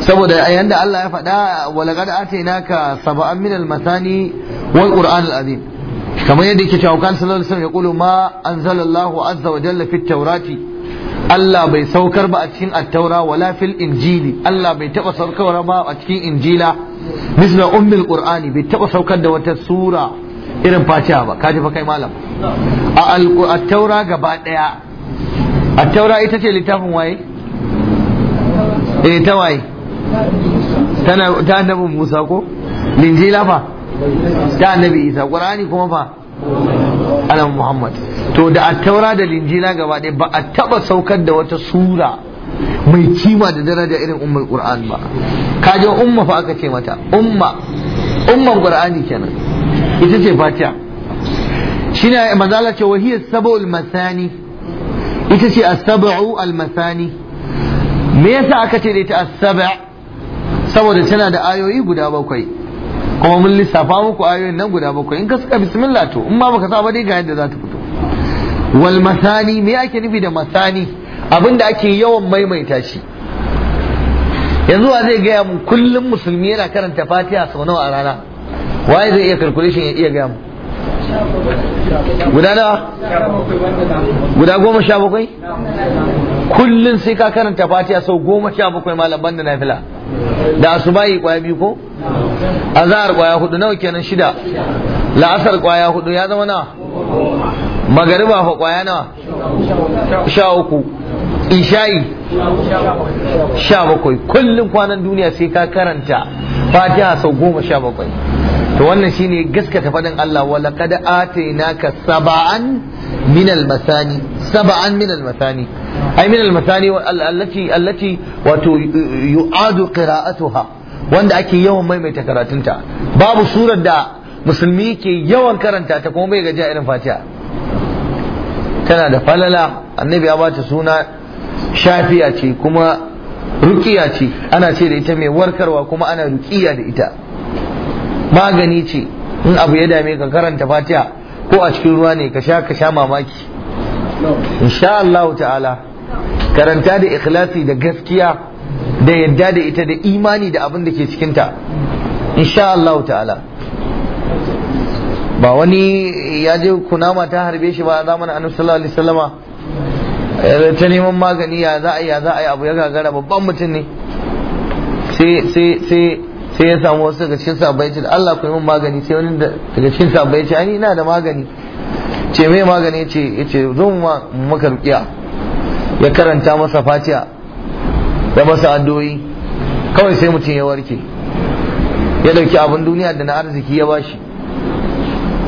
saboda yanda Allah ya faɗa walaqad atainaka sab'an min al-masani wal qur'an al-azim kamar yadda yake cewa kan sallallahu alaihi wasallam yaqulu ma anzalallahu azza wa jalla fi tawrati Allah bai saukar ba a cikin at-taura wala fil injili Allah bai taba saukar ba a cikin injila misla ummil qur'ani bai taba saukar da wata sura irin fatiha ba kaji fa kai malam a gaba daya at ita ce littafin waye eh ta waye tana ta annabi Musa ko linjila fa ta annabi Isa Qur'ani kuma fa alam Muhammad to da attaura da linjila gaba ɗaya ba a taba saukar da wata sura mai kima da daraja irin ummul Qur'an ba kaje umma fa aka ce mata umma umman Qur'ani kenan ita ce Fatiha shine manzala ce wahiyat sab'ul masani ita ce as-sab'u al-masani me yasa aka ce da ita as-sab' saboda tana da ayoyi guda bakwai kuma mun lissafa muku ayoyin nan guda bakwai in ka suka bismillah to in ma baka sa ba dai ga yadda za ta fito wal masani me ake nufi da masani abinda ake yawan maimaita shi yanzu wa zai gaya mu kullum musulmi yana karanta fatiha sau nawa a rana waye zai iya calculation ya iya gaya mu guda nawa guda goma sha bakwai Kullum sai ka karanta fatiha sau goma sha bakwai malam da nafila da bayi kwaya biyu ko kwaya hudu nawa kenan shida la'asar kwaya hudu ya zama nawa magariba fa kwaya nawa sha uku ishayi sha bakwai kullum kwanan duniya sai ka karanta fatiha sau goma sha bakwai to wannan shine gaskata fadin Allah wa laqad atainaka sab'an min al-masani sab'an min al-masani ay min al-masani allati allati wato yu'adu qira'atuha wanda ake yawan maimaita karatunta babu surar da musulmi ke yawan karanta ta kuma bai gaji irin fatiha tana da falala annabi ya bata suna shafiya ce kuma rukiya ce ana ce da ita mai warkarwa kuma ana rukiya da ita magani ce in abu ya dame ka karanta fatiha ko a cikin ruwa ne ka sha ka sha mamaki insha Allah ta'ala karanta da ikhlasi da gaskiya da yadda da ita da imani da abin da ke cikinta insha Allah ta'ala ba wani ya je kunama ta harbe shi ba a zamanin annabi sallallahu alaihi wasallama ta neman magani ya za a yi ya za a yi abu ya gagara babban mutum ne sai sai sai sai ya samu wasu daga cikin sahabbai ce Allah ku yi min magani sai wani daga cikin sahabbai ce ai ina da magani ce mai magani ya ce ya ce zo mu maka ya karanta masa fatiha da masa addu'o'i kawai sai mutum ya warke ya dauki abin duniya da na arziki ya bashi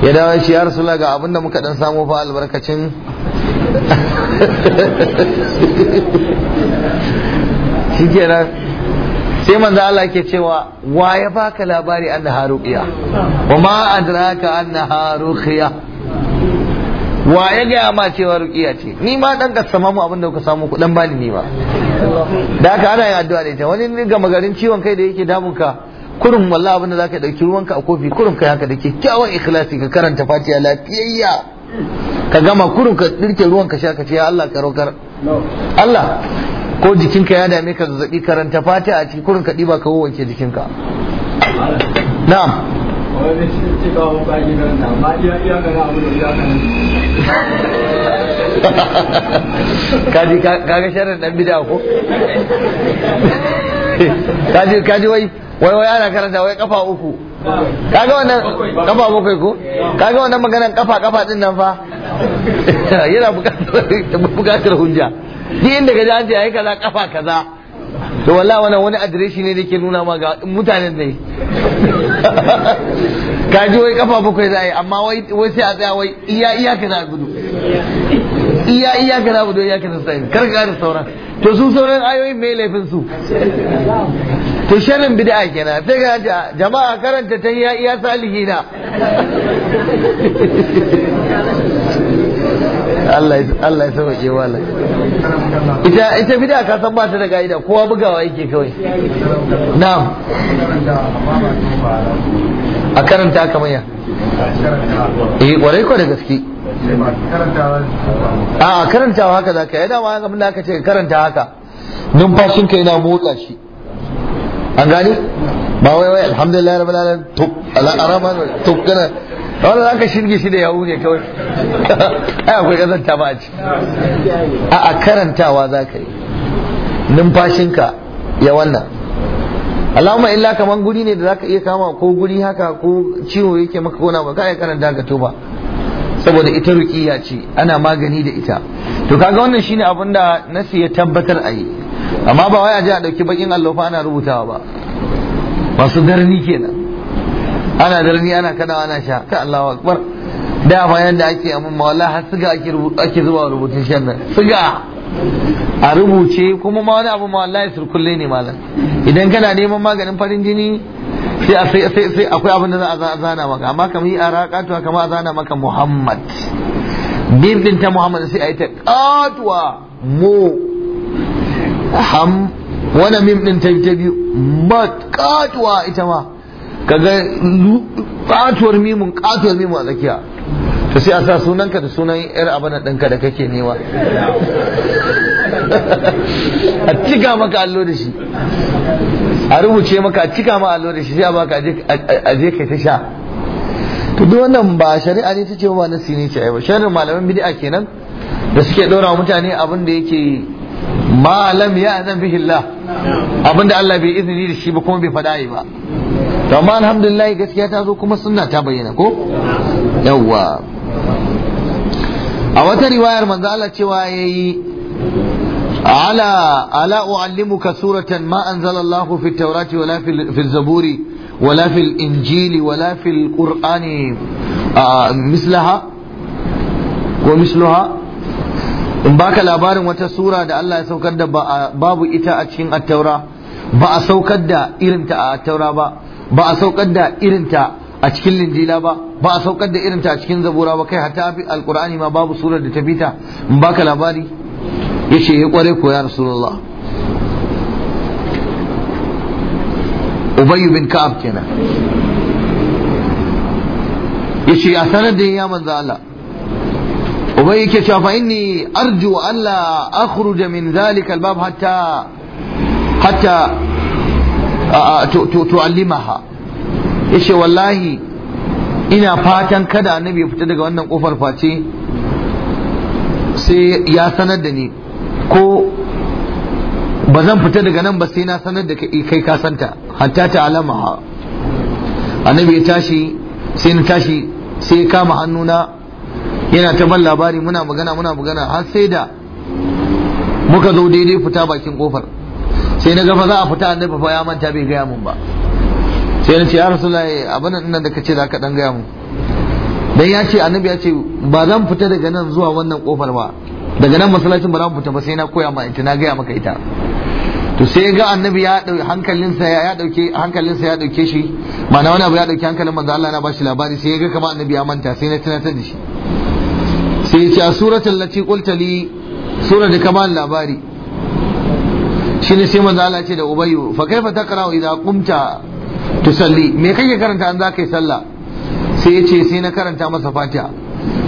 ya dawo shi ya rasu ga abin da muka dan samu fa albarkacin shi kenan sai manzo Allah yake cewa wa ya baka labari anna haruqiya wa ma adraka anna haruqiya wa ya gaya ma cewa ruqiya ce ni ma dan ka sama mu abinda kuka samu ku dan bani ni ba da haka ana yin addu'a da ita wani ga garin ciwon kai da yake damun ka kurum wallahi abinda zaka dauki ruwanka a kofi kurum kai haka da kyakkyawan ikhlasi ka karanta fatiha lafiyayya ka gama kurum ka dirke ruwan ka sha ka ce ya Allah ka Allah ko jikinka ya dame ka zazzabi karanta fata a ciki kurin ka ɗiba ka wanke jikinka na'am kaji kaga sharar dan bida ko kaji kaji wai wai wai ana karanta wai kafa uku kaga wannan kafa bakwai ko kaga wannan maganan kafa kafa din nan fa yana bukatar hujja duk inda ga jajiya an kaza kafa kaza to wallahi wannan wani adireshi ne da ke nuna ma ga mutanen ne ka ji wai kafa bakwai za a yi amma wai sai a tsaya wai iya iya ka na gudu iya iya ka na gudu iya ka na kar ka da sauran to su sauran ayoyin mai laifin su to sharrin bid'a kenan sai ga jama'a karanta ta iya iya salihina Allah ya sauke wala ita ita bid'a ka san ba ta da ga'ida kowa bugawa yake kawai na'am a karanta ka manya. eh kwarai ko da gaske a karantawa haka zaka yana ma ga da aka ce karanta haka ka yana motsa shi an gani ba wai wai alhamdulillah rabbil alamin to ala arama kana wanda za ka shirge shi da yawu ne kawai ai akwai kazanta ba a ci a karantawa za ka yi numfashinka ya wannan alama illa kamar guri ne da zaka iya kama ko guri haka ko ciwo yake maka kona ba kai karanta ka toba saboda ita rukiya ce ana magani da ita to kaga wannan shine abin da nasi ya tabbatar a yi amma ba wai a a dauki bakin allofa ana rubutawa ba masu garni kenan ana zarni ana kada ana sha ka Allahu akbar da ma yanda ake amma wallahi har siga ake ake zuba rubutun shan nan siga a rubuce kuma ma wani abu ma wallahi surkulle ne malam idan kana neman maganin farin jini sai sai sai sai akwai abin da za a zana maka amma kamar yi araka to kamar a zana maka Muhammad bim ta Muhammad sai ayi ta katwa mu ham wani mim din ta biyu mat katwa ita ma kaga katuwar mimun katuwar mimun a tsakiya to sai a sa sunanka da sunan yar abana ɗinka da kake nema a cika maka allo da shi a rubuce maka a cika ma allo da shi sai a baka je kai ta sha to duk wannan ba shari'a ne ta ce ba na sini ce ai ba sharrin malaman bid'a kenan da suke ɗora mutane abin da yake malam ya zan bihillah abin da Allah bai izini da shi ba kuma bai faɗa ba to amma alhamdulillah gaskiya ta zo kuma sunna ta bayyana ko yawwa a wata riwayar manzo Allah cewa yayi ala ala uallimuka suratan ma anzala fi at wala fi zaburi wala fi injili wala fi qurani mislaha ko mislaha in baka labarin wata sura da Allah ya saukar da babu ita a cikin at-taura ba a saukar da irinta a at-taura ba ba a saukar da irinta a cikin linjila ba ba a saukar da irinta a cikin zabura ba kai hatta alqur'ani ma babu surar da ta bita in baka labari ce ya eh, kware ko ya rasulullah ubay bin ka'ab kenan ce a sanar da ya manza Allah ubay yake cewa fa inni arju alla akhruja min zalika albab hatta hatta tu'allimaha yace wallahi ina fatan kada annabi ya fita daga wannan kofar face sai ya sanar da ni ko ba zan fita daga nan ba sai na sanar da kai ka santa hatta ta alama annabi ya tashi sai na tashi sai ya kama hannuna yana ta ban labari muna magana muna magana har sai da muka zo daidai fita bakin kofar sai na gafa za a fita annabi fa ya manta bai gaya mun ba sai na ce ya rasulullahi abin nan da kace za ka dan gaya mun dan ya ce annabi ya ce ba zan fita daga nan zuwa wannan kofar ba daga nan masallacin ba zan fita ba sai na koya ma ita na gaya maka ita to sai ga annabi ya dauki hankalinsa ya dauke hankalinsa ya dauke shi ma'ana wani abu ya dauki hankalin manzo Allah na bashi labari sai ga kamar annabi ya manta sai na tunatar da shi sai ya ce a suratul lati qultali li da kamar labari shine sai manzo Allah ce da ubayyu fa kaifa taqra'u idza qumta tusalli me kake karanta an zaka yi sallah sai yace sai na karanta masa fatiha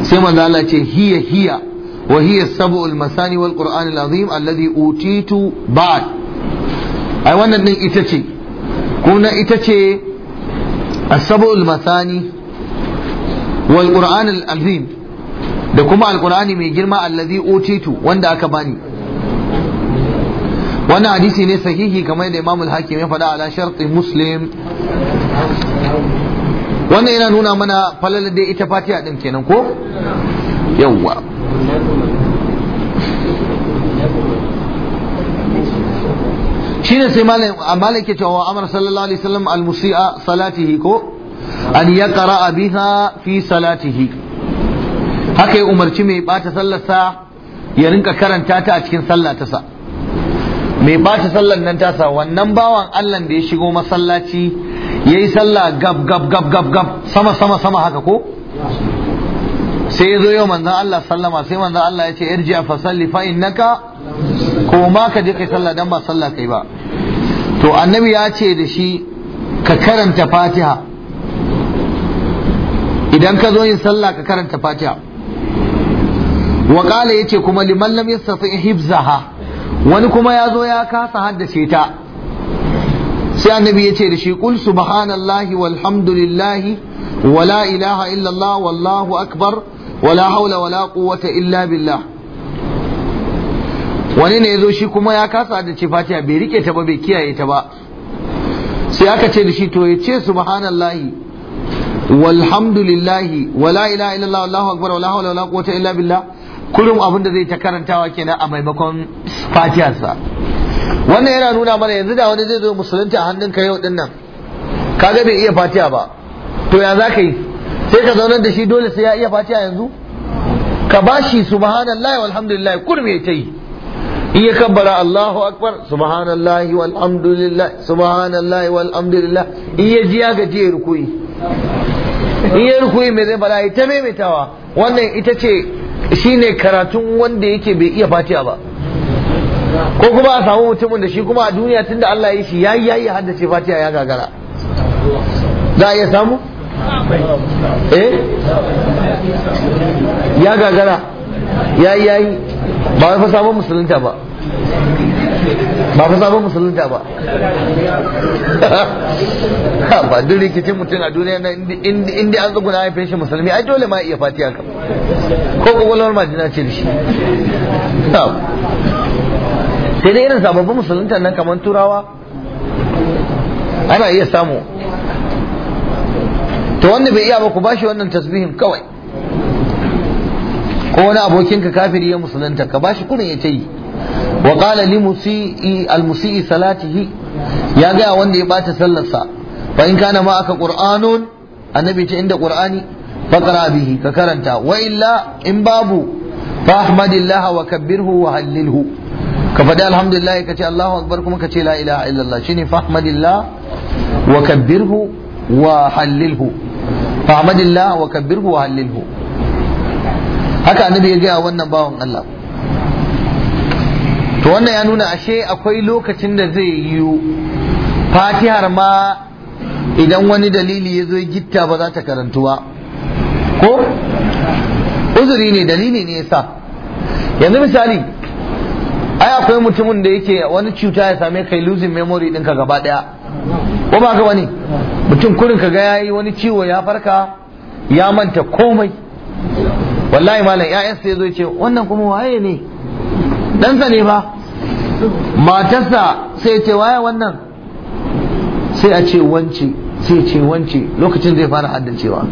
sai manzo Allah ce hiya hiya wa hiya sab'ul masani wal qur'an al azim alladhi utitu ba'd ai wannan din ita ce kuma ita ce as-sab'ul masani wal qur'an al azim da kuma alqur'ani mai girma Alladhi utitu wanda aka bani wannan hadisi ne sahihi kamar da imamul hakim ya faɗa ala sharti muslim wannan yana nuna mana falalar da ita fatiya din kenan ko yawwa shine sai malam ke cewa amr sallallahu alaihi wasallam al-musi'a salatihi ko an yaqra biha fi salatihi haka ya umarci mai bata sallarsa ya rinka karanta ta a cikin sallar ta sa mai bata sallan nan tasa wannan bawan Allah da ya shigo masallaci ya yi sallah gab gab gab gab gab sama sama sama haka ko sai ya zo yau manzan Allah sallama sai manzan Allah ya ce irji a fasalli fa innaka ko ma ka je kai salla dan ba salla kai ba to annabi ya ce da shi ka karanta fatiha idan ka zo yin sallah ka karanta fatiha wa ya ce kuma liman lam yastati hifzaha wani kuma ya zo ya kasa haddace ta sai annabi ya ce da shi kul subhanallahi walhamdulillahi wala ilaha illallah wallahu akbar wala haula wala quwwata illa billah wani ne ya zo shi kuma ya kasa haddace fatiha bai rike ta ba bai kiyaye ta ba sai aka ce da shi to ya ce subhanallahi walhamdulillahi wala ilaha illallah wallahu akbar wala haula wala quwwata illa billah kullum abin da zai ta karantawa kenan a maimakon fatiyarsa wannan yana nuna mana yanzu da wani zai zo musulunta a hannun ka yau dinnan. Ka ga bai iya fatiya ba to ya za ka yi sai ka zaunar da shi dole sai ya iya fatiya yanzu ka bashi subhanallahi walhamdulillah ya ta yi in ya kabbara Allahu akbar subhanallahi walhamdulillah subhanallahi walhamdulillah in ya ji ya gaji ya rukuyi in ya rukuyi me zai bala ya ta maimaitawa wannan ita ce shine karatun wanda yake bai iya fatiha ba ko kuma a samu mutumin da shi kuma a duniya tun da Allah ya shi yayi yi haddace fatiha ya gagara za a iya samu eh ya gagara yayi yi? ba wai fa samun musulunta ba ba fa sabon musulunta ba ba duk rikicin mutum a duniya na indi an tsuguna haifin shi musulmi ai dole ma iya fatiya ka ko kwakwalwar majina ce da shi sai dai irin sababbin musulunta nan kamar turawa ana iya samu to wanda bai iya ba ku bashi wannan tasbihin kawai ko wani abokinka kafiri ya musulunta ka bashi kurin ya ce yi wa qala li musii al musii salatihi ya ga wanda ya bata sallarsa fa in kana ma aka qur'anun annabi ce inda qur'ani faqra bihi ka karanta wa illa in babu fa ahmadillah wa kabbirhu wa hallilhu ka faɗi alhamdulillah ka ce Allahu akbar kuma ka ce la ilaha illallah shine fa ahmadillah wa kabbirhu wa hallilhu fa ahmadillah wa kabbirhu wa hallilhu haka annabi ya ga wannan bawan Allah to wannan ya nuna ashe akwai lokacin da zai yiwu fatihar ma idan wani dalili ya zo gitta ba za ta karantu ba ko uzuri ne dalili ne yasa yanzu misali ai akwai mutumin da yake wani cuta ya same kai losing memory ɗinka gaba ɗaya ko ba ka wani mutum kurin ka ga yayi wani ciwo ya farka ya manta komai wallahi malam ya'yansa ya zo ce wannan kuma waye ne dansa ne ba matarsa sai ce waye wannan sai a ce wance sai ce wance lokacin zai fara haddancewa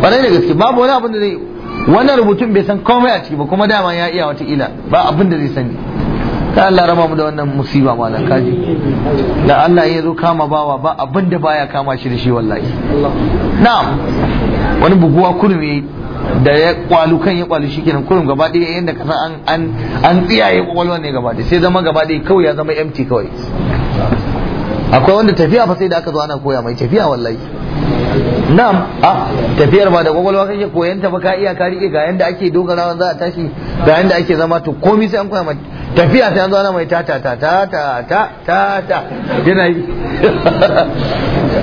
ƙwarai da gaske babu wani abin da zai Wani rubutun bai san komai a ciki ba kuma dama ya iya ila. ba abin da zai sani ta Allah raba mu da wannan musiba malam kaji da Allah ya zo kama bawa ba abin da baya kama shi da shi wallahi na'am wani buguwa kurmi da ya kwalu kan ya kwalu shi kenan kurum gaba ɗaya yadda kasa an an tsiyaye kwakwalwa ne gaba ɗaya sai zama gaba ɗaya kawai ya zama empty kawai akwai wanda tafiya fa sai da aka zo ana koya mai tafiya wallahi na'am a tafiyar ba da kwakwalwa ya koyan ta ba ka iya ka rike ga yanda ake dogarawa za a tashi ga yanda ake zama to komai sai an koya mai tafiya sai an zo ana mai ta ta ta ta ta ta ta ta yana yi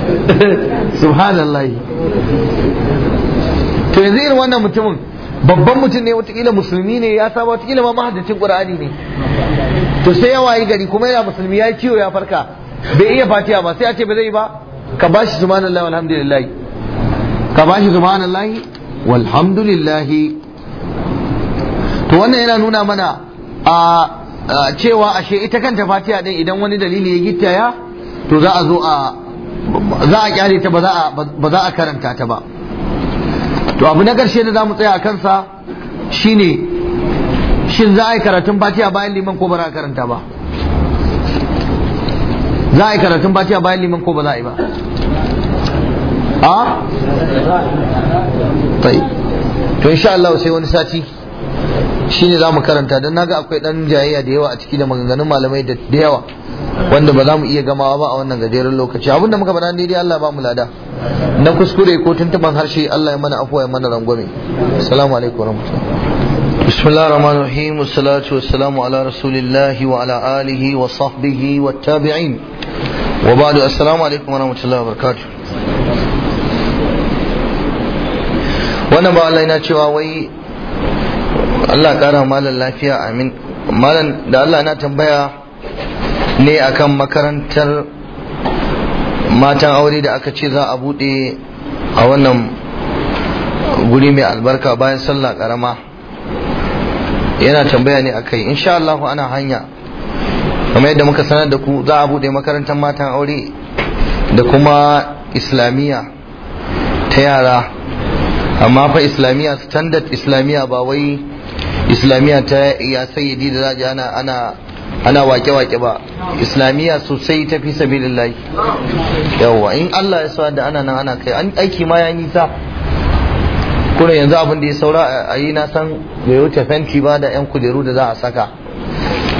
subhanallahi yanzu irin wannan mutumin babban mutum ne watakila musulmi ne ya saba watakila ma mahaddacin qur'ani ne to sai ya wayi gari kuma yana musulmi ya yi ciwo ya farka bai iya fatiha ba sai a ce ba zai ba ka bashi subhanallahi walhamdulillahi ka bashi subhanallahi walhamdulillahi to wannan yana nuna mana a cewa ashe ita kanta fatiha din idan wani dalili ya gittaya to za a zo a za a kyale ta ba za a karanta ta ba to abu na ƙarshe da za mu tsaya a kansa shine shin za a yi karatun fatiha bayan liman ko ba za a karanta ba za a yi karatun fatiha bayan liman ko ba za a yi ba a? Ah? tai to insha Allah sai wani sati shine za mu karanta don naga akwai dan jayayya da yawa a ciki da maganganun malamai da yawa wanda ba za mu iya gamawa ba a wannan gajeren lokaci abin da muka faɗa ne dai Allah ba mu lada na kuskure ko tuntuban harshe Allah ya mana afuwa ya mana rangwame assalamu alaikum warahmatullahi بسم الله الرحمن الرحيم والصلاة والسلام على رسول الله wa آله wa والتابعين وبعد السلام عليكم ورحمة الله وبركاته wannan ba Allah yana cewa wai Allah ƙara malan lafiya amin malan da Allah na tambaya ne akan makarantar matan aure da aka ce za a bude a wannan guri mai albarka bayan sallah karama yana tambaya ne akai insha Allah ana hanya kamar yadda muka sanar da ku za a bude makarantar matan aure da kuma islamiyya ta yara amma fa islamiyya standard islamiyya ba wai islamiyya ta ya sayyidi da za ana ana ana wake-wake ba islamiyya sosai ta fi sabilillahi yawwa in Allah ya sa da ana nan ana kai an aiki ma ya nisa kuna yanzu abin da ya saura a yi na san bai wuce fenti ba da yan kujeru da za a saka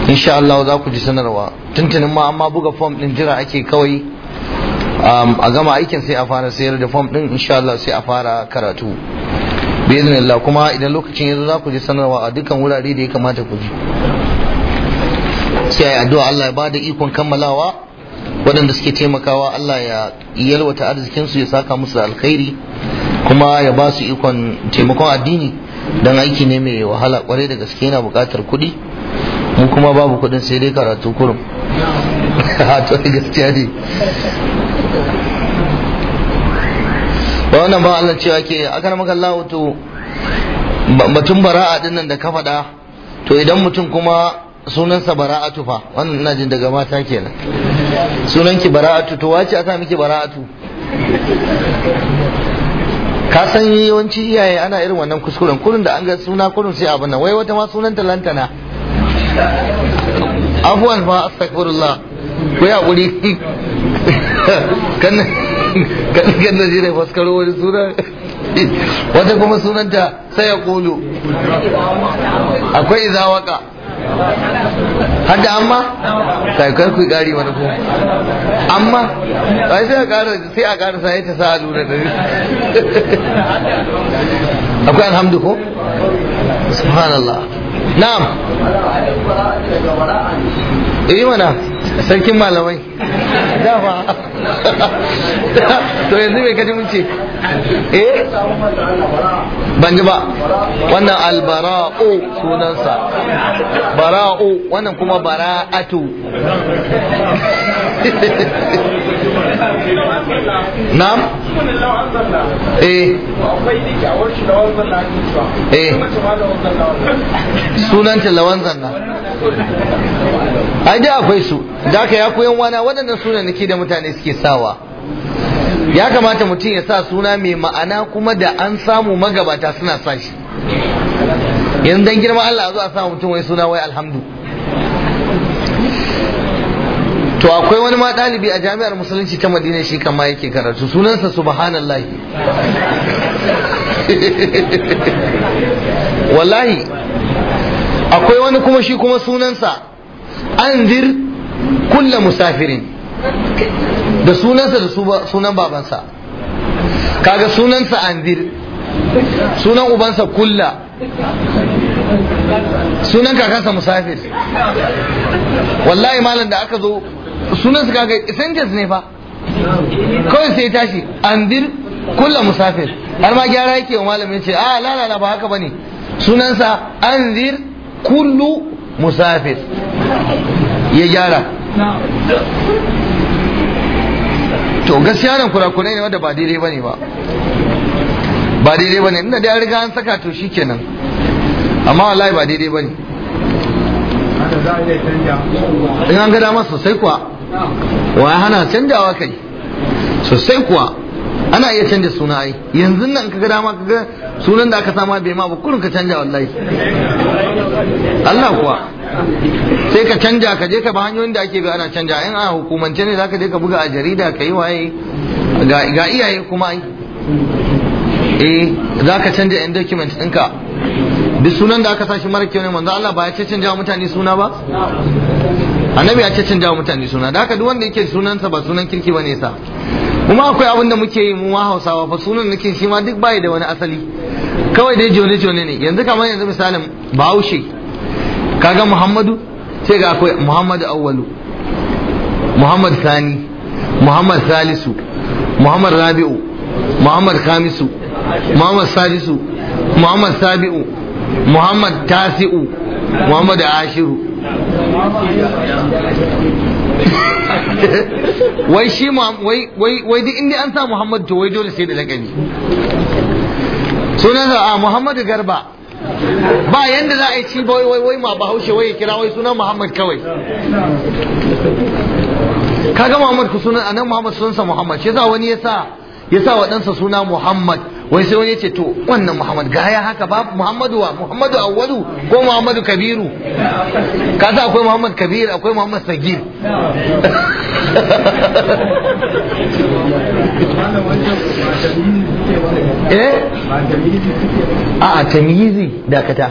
insha Allah za ku ji sanarwa tuntunin ma amma buga fom din jira ake kawai um, a gama aikin sai a fara sayar da fom din insha Allah sai a fara karatu bi kuma idan lokacin yanzu za ku ji sanarwa a dukkan wurare da ya kamata ku ji sai ayi addu'a Allah ya bada ikon kammalawa waɗanda suke taimakawa Allah ya yalwata arzikinsu ya saka musu alkhairi kuma ya ba su ikon taimakon addini don aiki ne mai wahala kwarai da gaske yana buƙatar kuɗi mu kuma babu kuɗin sai dai karatu kurum to gaskiya ne ba wannan ba Allah cewa ke na maka Allah wato batun bara'a dinnan da ka faɗa to idan mutum kuma sunansa bara'atu fa wannan ina jin daga mata kenan sunanki bara'atu to wace aka miki bara'atu ka san yawanci iyaye ana irin wannan kuskuren kurin da an ga suna kurin sai abin nan wai wata ma sunanta lantana afwan fa astaghfirullah ko ya guri kan kan kan da jira faskaro wani suna wata kuma sunanta sai ya kulu akwai izawaka har amma kai kar ku gari wani ko amma ai sai a ƙara sai a ƙara sai ta sa lura da akwai alhamdu ko subhanallah na'am eh mana sarkin malamai dafa to yanzu mai kaji mun eh ban ba wannan albara'u sunansa bara'u wannan kuma bara'atu na'am eh, eh. sunanta lawan zanna ai akwai su da ka ya koyan wana waɗannan sunan tsarki da mutane suke sawa ya kamata mutum ya sa suna mai ma'ana kuma da an samu magabata suna sa shi yanzu dan girma Allah zuwa sa mutum wai suna wai alhamdu to akwai wani ma ɗalibi a jami'ar musulunci ta madina shi kama yake karatu sunansa subhanallahi wallahi akwai wani kuma shi kuma sunansa anzir kulla musafirin da sunansa da sunan babansa kaga sunansa andir sunan ubansa kulla sunan kakansa musafir wallahi malam da aka zo sunansa kaga sentence ne fa kawai sai tashi andir kulla musafir har ma gyara yake wa malam ce ah, a lalala ba haka bane sunansa andir, kullu musafir ya gyara to gaskiya nan kurakurai ne wanda ba daidai bane ba ba daidai bane inda da an riga an saka to shikenan amma wallahi ba daidai bane in an ga dama sosai kuwa wa hana canjawa kai sosai kuwa ana iya canja suna ai yanzu nan kaga dama kaga sunan da aka sama bai ma ba kurin ka canja wallahi Allah kuwa sai ka canja ka je ka ba hanyoyin da ake bi ana canja in a hukumance ne zaka je ka buga a jarida ka yi waye ga iyaye kuma ai eh zaka canja yan document ɗinka duk sunan da aka sashi mara kyau ne manzo Allah ba ya ce canja mutane suna ba annabi ya ce canja mutane suna da haka duk wanda yake sunansa ba sunan kirki bane sa kuma akwai abin da muke yi mu ma hausawa fa sunan nake shi ma duk bai da wani asali kawai dai jone jone ne yanzu kamar yanzu misalin bahaushe kaga muhammadu sai ga akwai muhammadu awwalu muhammad sani muhammad salisu muhammad rabi'u muhammad khamisu muhammad sadisu muhammad sabi'u muhammad tasi'u muhammad ashiru wai shi wai wai wai duk inda an sa Muhammad to wai dole sai da lakabi Sunan sa ah, Muhammadu Garba ba yanda za a yi ci ba wai wai ma bahaushe wai ya kira wai sunan Muhammad kawai kaga Muhammad ku sunan anan Muhammad sunansa Muhammad shi yasa wani yasa yasa wa ɗansa suna Muhammad wai sai wani ce to wannan muhammad gaya haka ba muhammadu wa muhammadu awwalu ko muhammadu kabiru ka sa akwai muhammad kabir akwai muhammad sagir eh a tamyizi dakata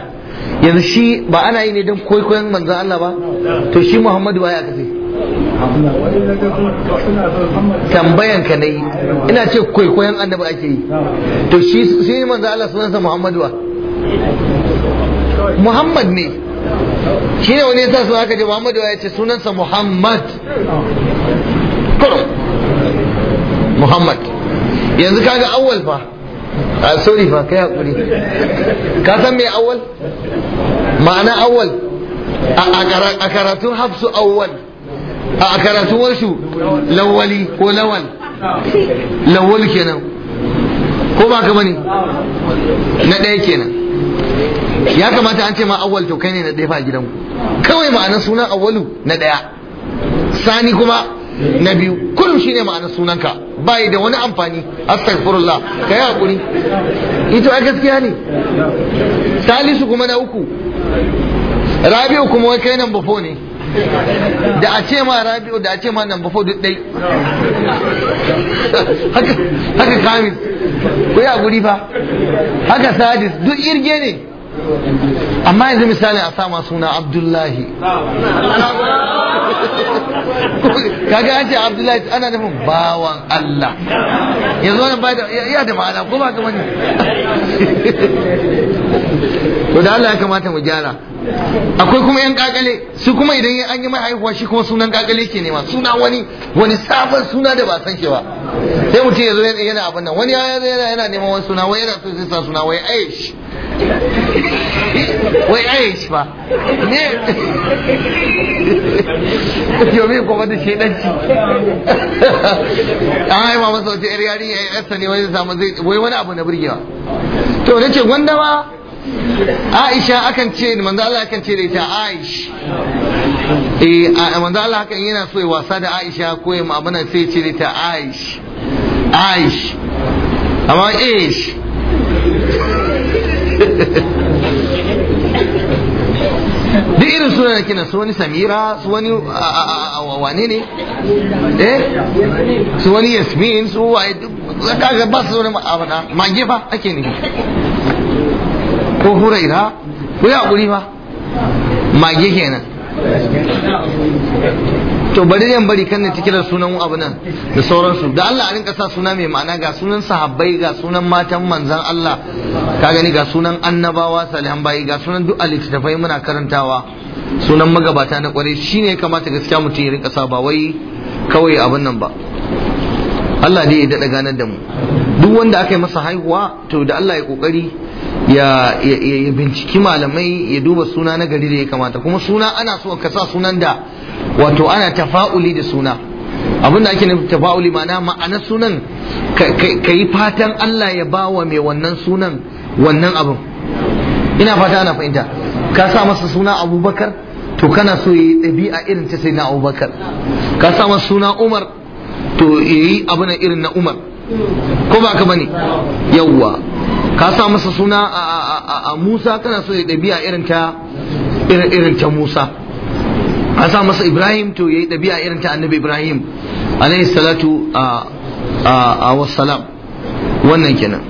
yanzu shi ba ana yi ne don kwaikwayon manzan Allah ba to shi muhammadu ba ya kafe tambayan ka yi, ina ce kwaikwayon annabi ake yi to shi ne manzo Allah sunansa Muhammadu wa Muhammad ne shi ne wani yasa sun aka ce Muhammadu ya ce sunansa Muhammad Muhammad yanzu kaga awwal fa a ah, sorry fa kai hakuri ka san me awwal ma'ana awwal a karatun hafsu awwal a karatuwarsu lawali ko lawal lawal kenan ko ba ka bane na ɗaya kenan ya kamata an ce ma awwal to kai ne na ɗaya fa ku? kawai ma'anar sunan awwalu na ɗaya sani kuma na biyu kullum shine ma'anar sunanka bai da wani amfani astaghfirullah ka yi hakuri ito a gaskiya ne salisu kuma na uku rabi'u kuma wai kai nan bafo ne da a ce ma rabi'u da a ce ma nan bafo duk dai haka kamis ku yi guri fa haka sadis duk irge ne amma yanzu misali a sama suna abdullahi kaga an ce abdullahi ana nufin bawan Allah yanzu wani ba da ya da ma'ana ko ba ka ne to da Allah ya kamata mu gyara akwai kuma yan kakale su kuma idan an yi mai haihuwa shi kuma sunan kakale ke nema suna wani wani sabon suna da ba san ke ba sai mutum ya zo yana abin nan wani ya yana neman wani suna wai yana so sai sa suna wai aish wai aish ba ne yomi kuma da shedanci an haifa yar yari ya yarsa ne wani samu zai wai wani abu na burgewa to nace gwanda ma Aisha akan ce manzo Allah akan ce da ita Aish eh manzo Allah yana so ya wasa da Aisha ko ya abuna sai ce da ita Aish Aish amma Aish duk irin suna da kina su wani samira su wani wane ne eh su wani yasmin su waye duk ga ba su wani ma'abana mage fa ake ne ko huraira ko ya guri fa mage kenan to bari zan bari kan ta kira sunan abu nan da sauransu da Allah a rinka sa suna mai ma'ana ga sunan sahabbai ga sunan matan manzan Allah ka gani ga sunan annabawa salihan bayi ga sunan duk alittafai muna karantawa sunan magabata na kware shine ya kamata gaskiya mutum ya rinka sa ba wai kawai abin nan ba Allah dai ya daɗa ganar da mu duk wanda aka yi masa haihuwa to da Allah ya kokari ya binciki malamai ya duba suna na gari da ya kamata kuma suna ana so ka sa sunan da wato ana tafa'uli da suna abinda ake nufi tafa'uli ma'ana ma'ana sunan ka yi fatan Allah ya ba wa mai wannan sunan wannan abin ina fata ana fahimta ka sa masa suna abubakar to kana so yi ɗabi'a irin ta sai na abubakar ka sa masa suna umar to yi abin irin na umar ko ba ka bane yawwa ka sa masa suna a musa kana so yi ɗabi'a irin ta musa an sa masa ibrahim to yayi ɗabi'a irin ta annabi ibrahim alaihi salatu a wasalam wannan kenan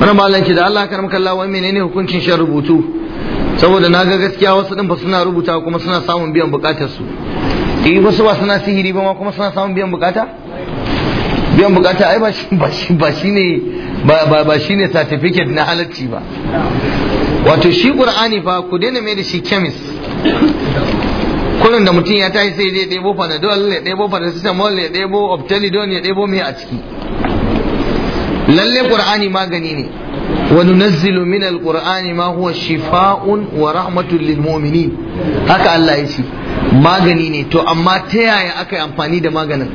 wannan malanci da Allah karam kalla wani menene hukuncin shan rubutu saboda na ga gaskiya wasu din ba suna rubuta kuma suna samun biyan bukatar su eh wasu ba suna sihiri ba kuma suna samun biyan bukata biyan bukata ai ba shi ne ba shi ne certificate na halarci ba wato shi qur'ani fa ku daina mai da shi chemist kullum da mutum ya tashi sai zai ɗebo fanadol, ya ɗebo paracetamol ya ɗebo optelidon ya ɗebo mai a ciki lalle qur'ani magani ne wa nunazzilu min alqur'ani ma huwa shifaa'un wa rahmatun lil haka Allah ya ce magani ne to amma ta yaya aka yi amfani da maganin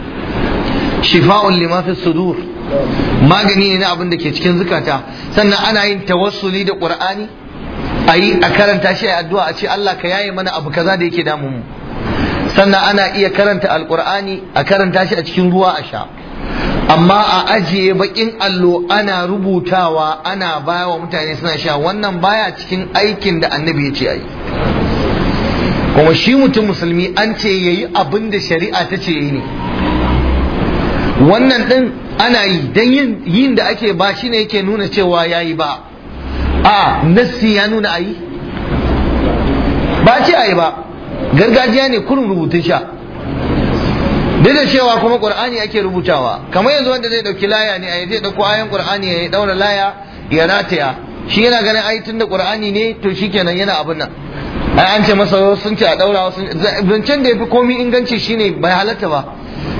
shifa'un lima fi sudur magani ne na abin da ke cikin zukata sannan ana yin tawassuli da qur'ani Ayi a karanta shi a addu'a a ce Allah ka yaye mana abu kaza da yake damun mu sannan ana iya karanta alkur'ani a karanta shi a cikin ruwa a sha amma a ajiye bakin allo ana rubutawa ana bayawa mutane suna sha wannan baya cikin aikin da annabi ya ce ayi kuma shi mutum musulmi an ce ya abin da shari'a ta ce yi ne wannan ɗin ana yi don yin da ake ba shi ne yake nuna cewa yayi ba a nassi ya nuna ayi ba ce ayi ba gargajiya ne kurin rubutun sha duk da cewa kuma qur'ani ake rubutawa kamar yanzu wanda zai ɗauki laya ne ayi zai dauko ayan qur'ani ya daura laya ya rataya shi yana ganin ai tunda qur'ani ne to shikenan yana abin nan ai an ce masa sun ce a daura wasu zancen da fi komai inganci shine bai halatta ba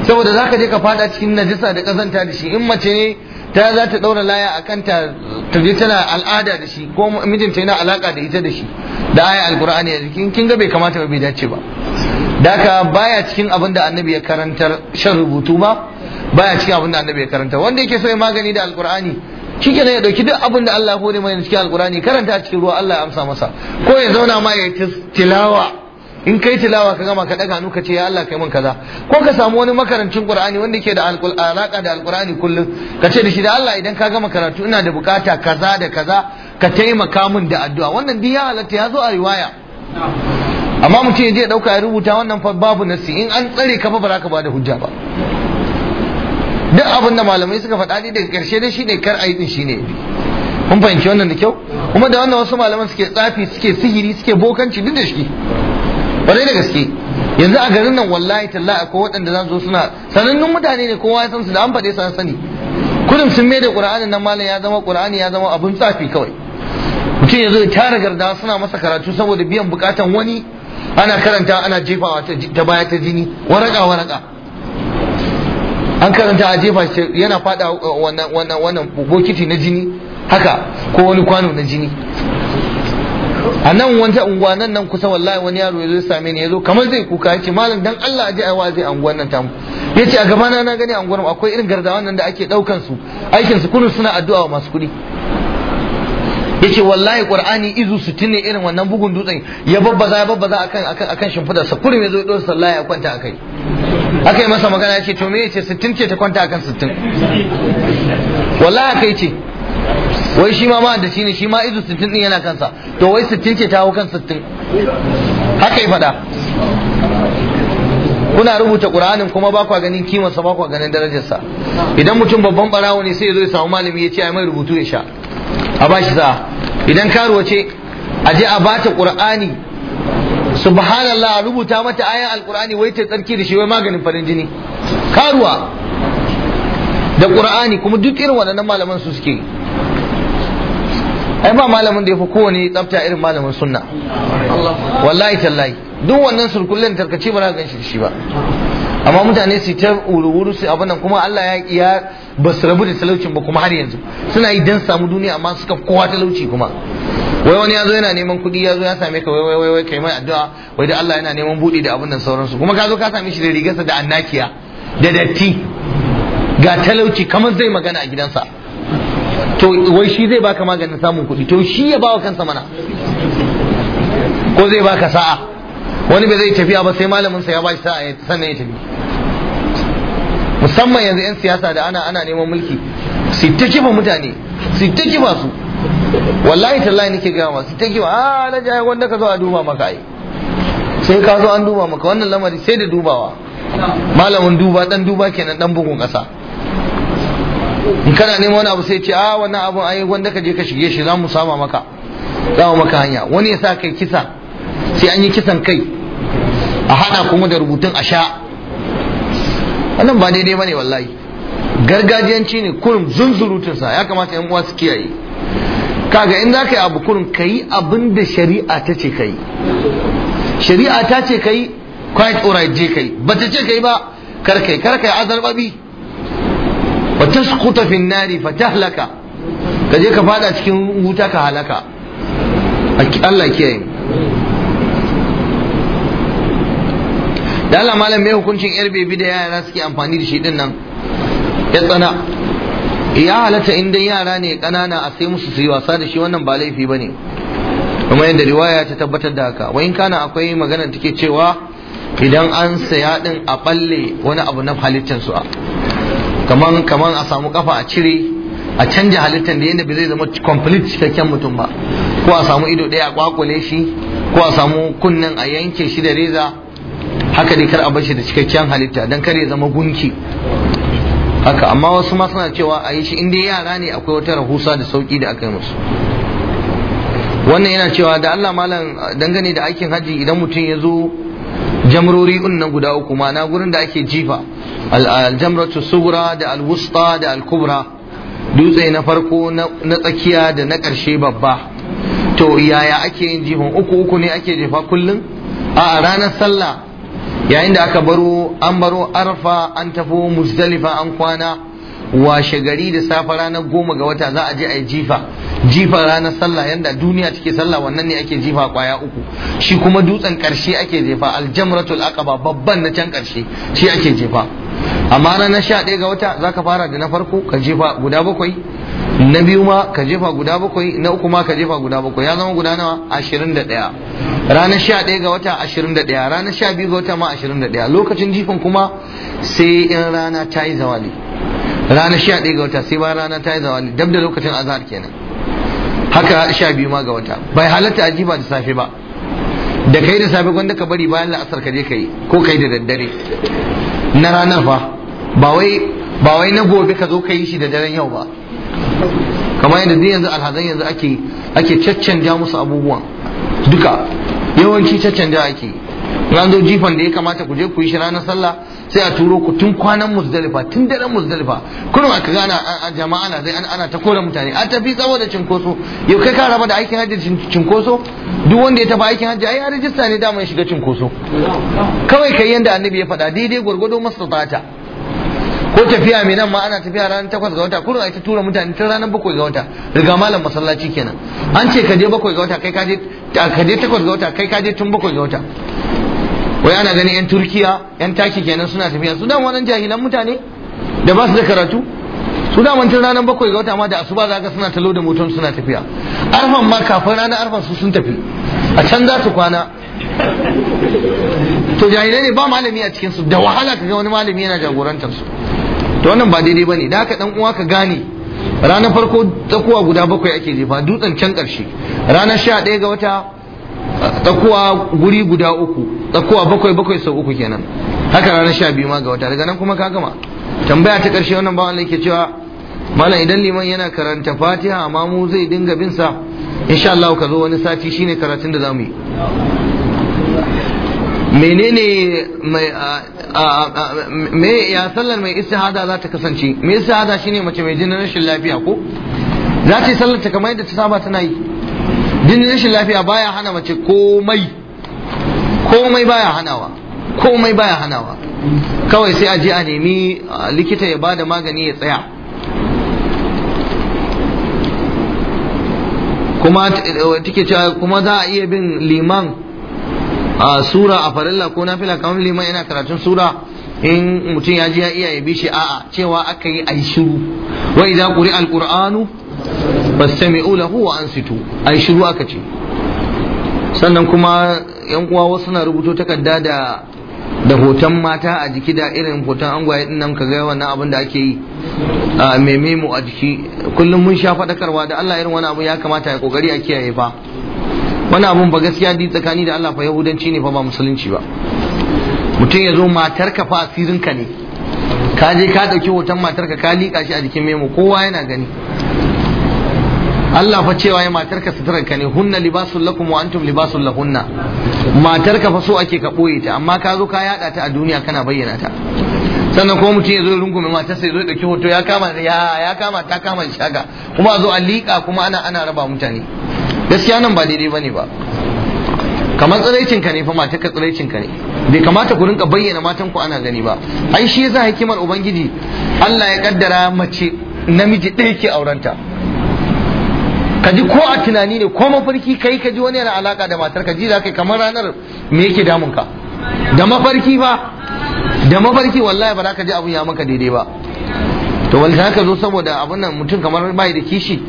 saboda zaka je ka fada cikin najisa da kazanta da shi in mace ne ta za ta daura laya a kanta ta je tana al'ada da shi ko mijinta yana alaka da ita da shi da aya alqur'ani yanzu kin ga bai kamata ba bai dace ba daka baya cikin abin da annabi ya karantar shan rubutu ba baya cikin abin da annabi ya karantar wanda yake so ya magani da alqur'ani kike ne ya dauki duk abin da Allah ya hore mai cikin alqur'ani karanta cikin ruwa Allah ya amsa masa ko ya zauna ma ya tilawa in kai tilawa ka gama ka daga hannu ka ce ya Allah kai mun kaza ko ka samu wani makarancin Qur'ani wanda yake da alaka da Alqur'ani kullum ka ce da shi da Allah idan ka gama karatu ina da bukata kaza da kaza ka taimaka min da addu'a wannan duk ya halatta ya zo a riwaya amma mutum ya je dauka ya rubuta wannan fa babu nasi in an tsare ka fa ba za ka bada hujja ba duk abin da malamai suka faɗa ni daga ƙarshe da shi ne kar a yi din shi ne Mun fahimci wannan da kyau kuma da wannan wasu malaman suke tsafi suke sihiri suke bokanci duk da shi kwarai da gaske yanzu a garin nan wallahi talla ko waɗanda za su suna sanannun mutane ne kowa ya san su da an faɗe su sani kudin sun mai da qur'anin nan malam ya zama qur'ani ya zama abun tsafi kawai mutum yanzu ya tara garda suna masa karatu saboda biyan bukatan wani ana karanta ana jefawa ta baya ta jini waraka waraka an karanta a jefa shi yana fada wannan wannan bokiti na jini haka ko wani kwano na jini a nan wata unguwa nan kusa wallahi wani yaro ya same ni ya zo kamar zai kuka ya ce malam dan Allah aje je a wazi a unguwan nan tamu ya ce a gabana na gani a unguwar akwai irin gardawan nan da ake ɗaukan su aikin su kunu suna addu'a wa masu kuɗi ya ce wallahi qur'ani izu su ne irin wannan bugun dutsen ya babbaza ya babbaza akan akan akan shimfidar sa kurum ya zo ya dora sallah ya kwanta akai akai masa magana ya ce to me ya ce sittin ce ta kwanta akan sittin wallahi akai ce wai shi ma da shi ne shi ma izu 60 din yana kansa to wai 60 ce ta hau kan 60 haka yi faɗa kuna rubuta qur'anin kuma ba kwa ganin kimarsa ba kwa ganin darajarsa idan mutum babban barawo ne sai ya zo ya samu malami ya ce a mai rubutu ya sha a ba shi sa'a idan karuwa ce a je a bata qur'ani subhanallah a rubuta mata ayan alqur'ani wai ta tsarki da shi wai maganin farin jini karuwa da qur'ani kuma duk irin waɗannan malaman su suke ai ba malamin da ya fi kowane tsafta irin malamin sunna wallahi tallahi duk wannan surkullin tarkace ba za ka shi ba amma mutane su ta wuri su abin kuma Allah ya ya ba su rabu da talaucin ba kuma har yanzu suna yi dan samu duniya amma suka kowa talauci kuma wai wani ya zo yana neman kuɗi ya zo ya same ka wai wai wai kai addu'a wai da Allah yana neman buɗe da abin sauransu kuma ka zo ka same shi da rigarsa da annakiya da datti ga talauci kamar zai magana a gidansa to wai shi zai baka maganin samun kuɗi to shi ya bawa kansa mana ko zai baka sa'a wani bai zai tafiya ba sai malamin sa ya bashi sa'a ya sanna ya tafi musamman yanzu 'yan siyasa da ana ana neman mulki su ta kifa mutane su ta kifa su wallahi tallahi nake ga ma su ta kifa a na jaye wanda ka zo a duba maka ai sai ka zo an duba maka wannan lamari sai da dubawa malamin duba dan duba kenan dan bugun kasa in kana neman wani abu sai ce a ah, wannan abun ai wanda ka je ka shige shi za mu sama maka za maka hanya wani ya sa kai kisa sai an yi kisan kai a hada kuma da rubutun a sha wannan ba daidai bane wallahi gargajiyanci ne kurum sa ya kamata yan uwa su kiyaye kaga in za ka yi abu kurum ka yi abin shari'a ta ce ka yi shari'a ta ce ka yi quiet right je ka ce ka ba kar ka yi kar ka azarbabi fa tasquta fi nari fa tahlaka ka je ka fada cikin wuta ka halaka Allah kiyaye da Allah malam mai hukuncin yar bebi da yara suke amfani da shi din nan ya tsana ya halatta in yara ne kanana a sai musu su yi wasa da shi wannan ba laifi bane kuma yadda riwaya ta tabbatar da haka wayin kana akwai magana take cewa idan an saya din a balle wani abu na halittar su kaman kaman a samu kafa a cire a canja halittar da yadda bai zai zama complete cikakken mutum ba ko a samu ido ɗaya a kwakule shi ko a samu kunnen a yanke shi da reza haka dai kar a bar shi da cikakken halitta dan kar ya zama gunki haka amma wasu ma suna cewa a yi shi inda yara ne akwai wata rahusa da sauki da aka yi musu wannan yana cewa da Allah malam dangane da aikin haji idan mutum ya zo jamrori nan guda uku ma'ana gurin da ake jifa aljamratu sugura da alwusta da alkubra dutse na farko na tsakiya da na karshe babba to yaya ake yin jihun uku uku ne ake jefa kullum a ranar sallah yayin da aka baro an baro arfa an tafi musdalifa an kwana washe gari da safe ranar goma ga wata za a je a yi jifa jifa ranar sallah yanda duniya take sallah wannan ne ake jifa kwaya uku shi kuma dutsen karshe ake jefa aljamratul akaba babban na can karshe shi ake jefa amma na sha ɗaya ga wata za ka fara da na farko ka jefa guda bakwai na biyu ma ka jefa guda bakwai na uku ma ka jefa guda bakwai ya zama guda nawa ashirin da ɗaya ranar sha ɗaya ga wata ashirin da ɗaya ranar sha biyu ga wata ma ashirin da ɗaya lokacin jifan kuma sai in rana ta yi zawali ranar sha ɗaya ga wata sai bayan rana ta yi zawali dab da lokacin azahar kenan haka sha biyu ma ga wata bai halatta a jifa da safe ba da kai da safe gwanda ka bari bayan la'asar ka je ka yi ko kai da daddare na ranar ba ba wai na gobe ka zo ka yi shi da daren yau ba kamar yadda duk yanzu alhazan yanzu ake ake caccanja musu abubuwan duka yawanci caccanja ake Na zo jifan da ya kamata ku je ku yi shi ranar sallah sai a turo ku tun kwanan musdalifa tun daren musdalifa kullum aka gana a jama'a na sai ana ta kore mutane a tafi tsawo da cinkoso yau kai ka raba da aikin hajji cinkoso duk wanda ya tafi aikin hajji ai ya rijista ne daman shiga cinkoso kawai kai yanda annabi ya faɗa daidai gwargwado masata ko tafiya mai nan ma ana tafiya ranar takwas ga wata kuma ai ita tura mutane tun ranar bakwai ga wata riga malam masallaci kenan an ce ka je bakwai ga wata kai ka je takwas ga wata kai ka je tun bakwai ga wata wai ana ganin yan turkiya yan taki kenan suna tafiya su dan wannan jahilan mutane da ba su da karatu su da tun ranar bakwai ga wata ma da asuba za ka suna talo da moton suna tafiya arfan ma kafin ranar arfan su sun tafi a can za su kwana to jahilai ne ba malami a cikin su da wahala ka ga wani malami yana jagorantar su to wannan ba daidai bane da haka dan uwa ka gane ranar farko tsakuwa guda bakwai ake jefa dutsen can karshe ranar sha ga wata tsakuwa guri guda uku tsakuwa bakwai bakwai sau uku kenan haka ranar sha biyu ma ga wata daga nan kuma ka gama tambaya ta karshe wannan bawan yake cewa malam idan liman yana karanta fatiha amma mu zai dinga bin sa insha Allah ka zo wani sati shine karatun da za mu yi menene mai ya sallar mai istihada za ta kasance mai istihada shine mace mai jinin rashin lafiya ko za ta yi sallar ta kamar yadda ta saba tana yi jinin rashin lafiya baya hana mace komai komai baya hanawa komai baya hanawa kawai sai a je a nemi likita ya bada magani ya tsaya kuma eh, kuma za a iya bin liman a sura a farilla ko na fila kamar liman yana karatun sura in mutum ya ji ya iya ya bi shi a'a cewa aka yi a shiru wa idza quri alqur'anu fastami'u lahu wa ansitu ai shiru aka ce sannan kuma yan uwa wasu na rubuto takarda da da hoton mata a jiki da irin hoton angwaye din nan kaga wannan abin da ake yi a mu a jiki kullum mun sha fadakarwa da Allah irin wani abu ya kamata ya kokari a kiyaye fa wani abun ba gaskiya di tsakani da Allah fa yahudanci ne fa ba musulunci ba mutum ya zo ka fa ka ne ka je ka dauki hoton matar ka ka lika shi a jikin memo kowa yana gani Allah fa cewa ya matarka suturarka ne hunna libasul lakum wa antum libasul lahunna matarka fa so ake ka boye ta amma ka zo ka yada ta a duniya kana bayyana ta sannan kuma mutum ya zo rungume matarsa ya zo dauki hoto ya kama ya ya kama ta kama shaga kuma zo a liƙa kuma ana ana raba mutane gaskiya nan ba daidai bane ba kamar tsiraicin ka ne fa ka tsiraicin ka ne bai kamata ku rinka bayyana matan ku ana gani ba ai shi yasa hikimar ubangiji Allah ya kaddara mace namiji ɗaya ke aurenta Kaji ko a tunani ne ko mafarki kai ka ji wani yana alaka da matar ka ji za kai kamar ranar me yake damun ka da mafarki ba da mafarki wallahi ba za ka ji abun ya maka daidai ba to wani za ka zo saboda abun nan mutum kamar bai da kishi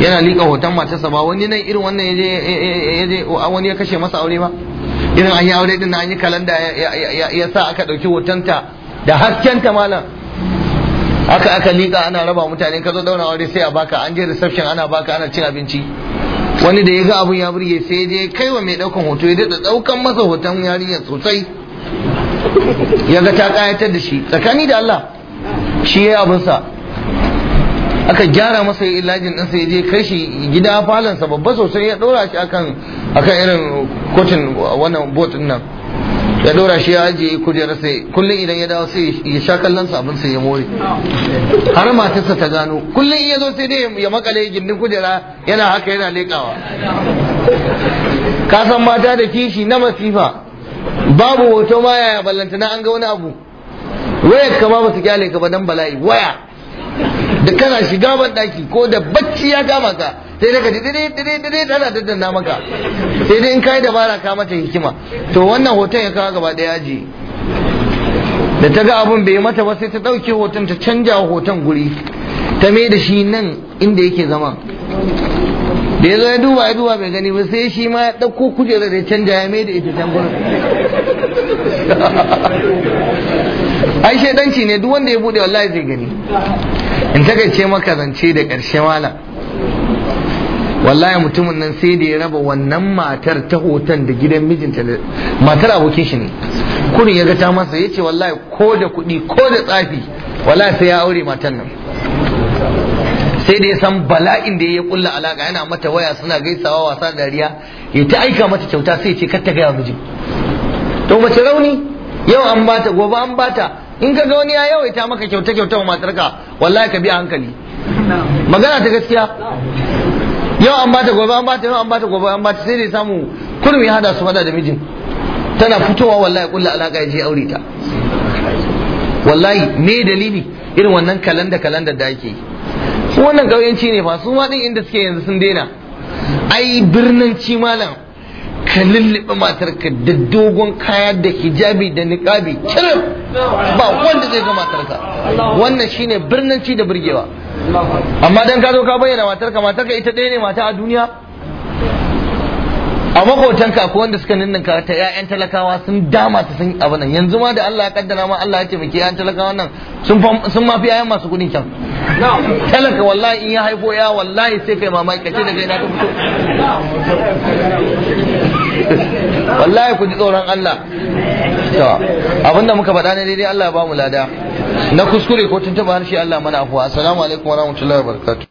yana liƙa hoton matarsa ba wani nan irin wannan ya a wani ya kashe masa aure ba irin an yi aure din na an yi kalanda ya sa aka ɗauki hotonta da ta malam aka aka liƙa ana raba mutane ka zo daura aure sai a baka an je reception ana baka ana cin abinci wani da ya ga abun ya burge sai je kai wa mai daukan hoto ya daɗa daukan masa hoton yarinyar sosai ya ga ta ƙayatar da shi tsakani da Allah shi ya yi sa aka gyara masa ya ilajin ɗinsa ya je kai shi gida falonsa babba sosai ya ɗora shi akan irin kotun wannan bot nan ya dora shi ya ajiye kujera sai kullum idan ya dawo sai ya sha kallon abin sai ya more har matarsa ta gano kullum iya ya zo sai dai ya makale gindin kujera yana haka yana lekawa ka san mata da kishi na masifa babu hoto ma yaya na an ga wani abu wayar kama ba su kyale ka ba dan bala'i waya da kana shiga ban daki ko da bacci ya kama ka sai daga didire didire tana daddanna maka sai dai in kai dabara ka mata hikima to wannan hoton ya kawo gaba daya aji da ta ga abun bai mata ba sai ta dauke hoton ta canja hoton guri ta mai da shi nan inda yake zama da ya zo ya duba ya duba bai gani ba sai shi ma ya ɗauko kujerar ya canja ya mai da ita can gurin ai shaidanci ne duk wanda ya bude wallahi zai gani in ta gaice maka zance da ƙarshe malam wallahi mutumin nan sai da ya raba wannan matar ta hoton da gidan mijinta da matar abokin shi ne kurin ya ga ta masa ya ce wallahi ko da kuɗi ko da tsafi wallahi sai ya aure matan nan sai da ya san bala'in da ya kulla alaka yana mata waya suna gaisawa wasa dariya ya ta aika mata kyauta sai ce kar ta gaya mijin to mace rauni yau an bata gobe an bata in ka ga wani ya yawaita maka kyauta kyauta wa matarka wallahi ka bi hankali magana ta gaskiya yau an bata gobe an bata yau an bata gobe an bata sai dai samu kurmi ya hada su hada da mijin tana fitowa wallahi kullu alaka ya aure ta wallahi me dalili irin wannan kalanda kalanda da ake wannan kauyanci ne fa su ma din inda suke yanzu sun daina ai birnin ci malam ka lullube matarka da dogon kaya da hijabi da niqabi kirim ba wanda zai ga matarka wannan shine birnin ci da burgewa amma dan ka zo ka bayyana matar ka matar ka ita ɗaya ne mata a duniya a makotanka ko wanda suka ninninka ta ƴaƴan talakawa sun dama ta sun abin nan yanzu ma da Allah ya kaddara ma Allah ya ce miki ƴaƴan talakawa nan sun sun ma fi ƴaƴan masu kuɗin can talaka wallahi in ya haifo ya wallahi sai kai mamaki kace daga ina ta fito wallahi ku ji tsoron Allah to abinda muka faɗa ne daidai Allah ya ba mu lada na kuskure ko har harshe Allah mana afuwa assalamu alaikum warahmatullahi wabarakatuh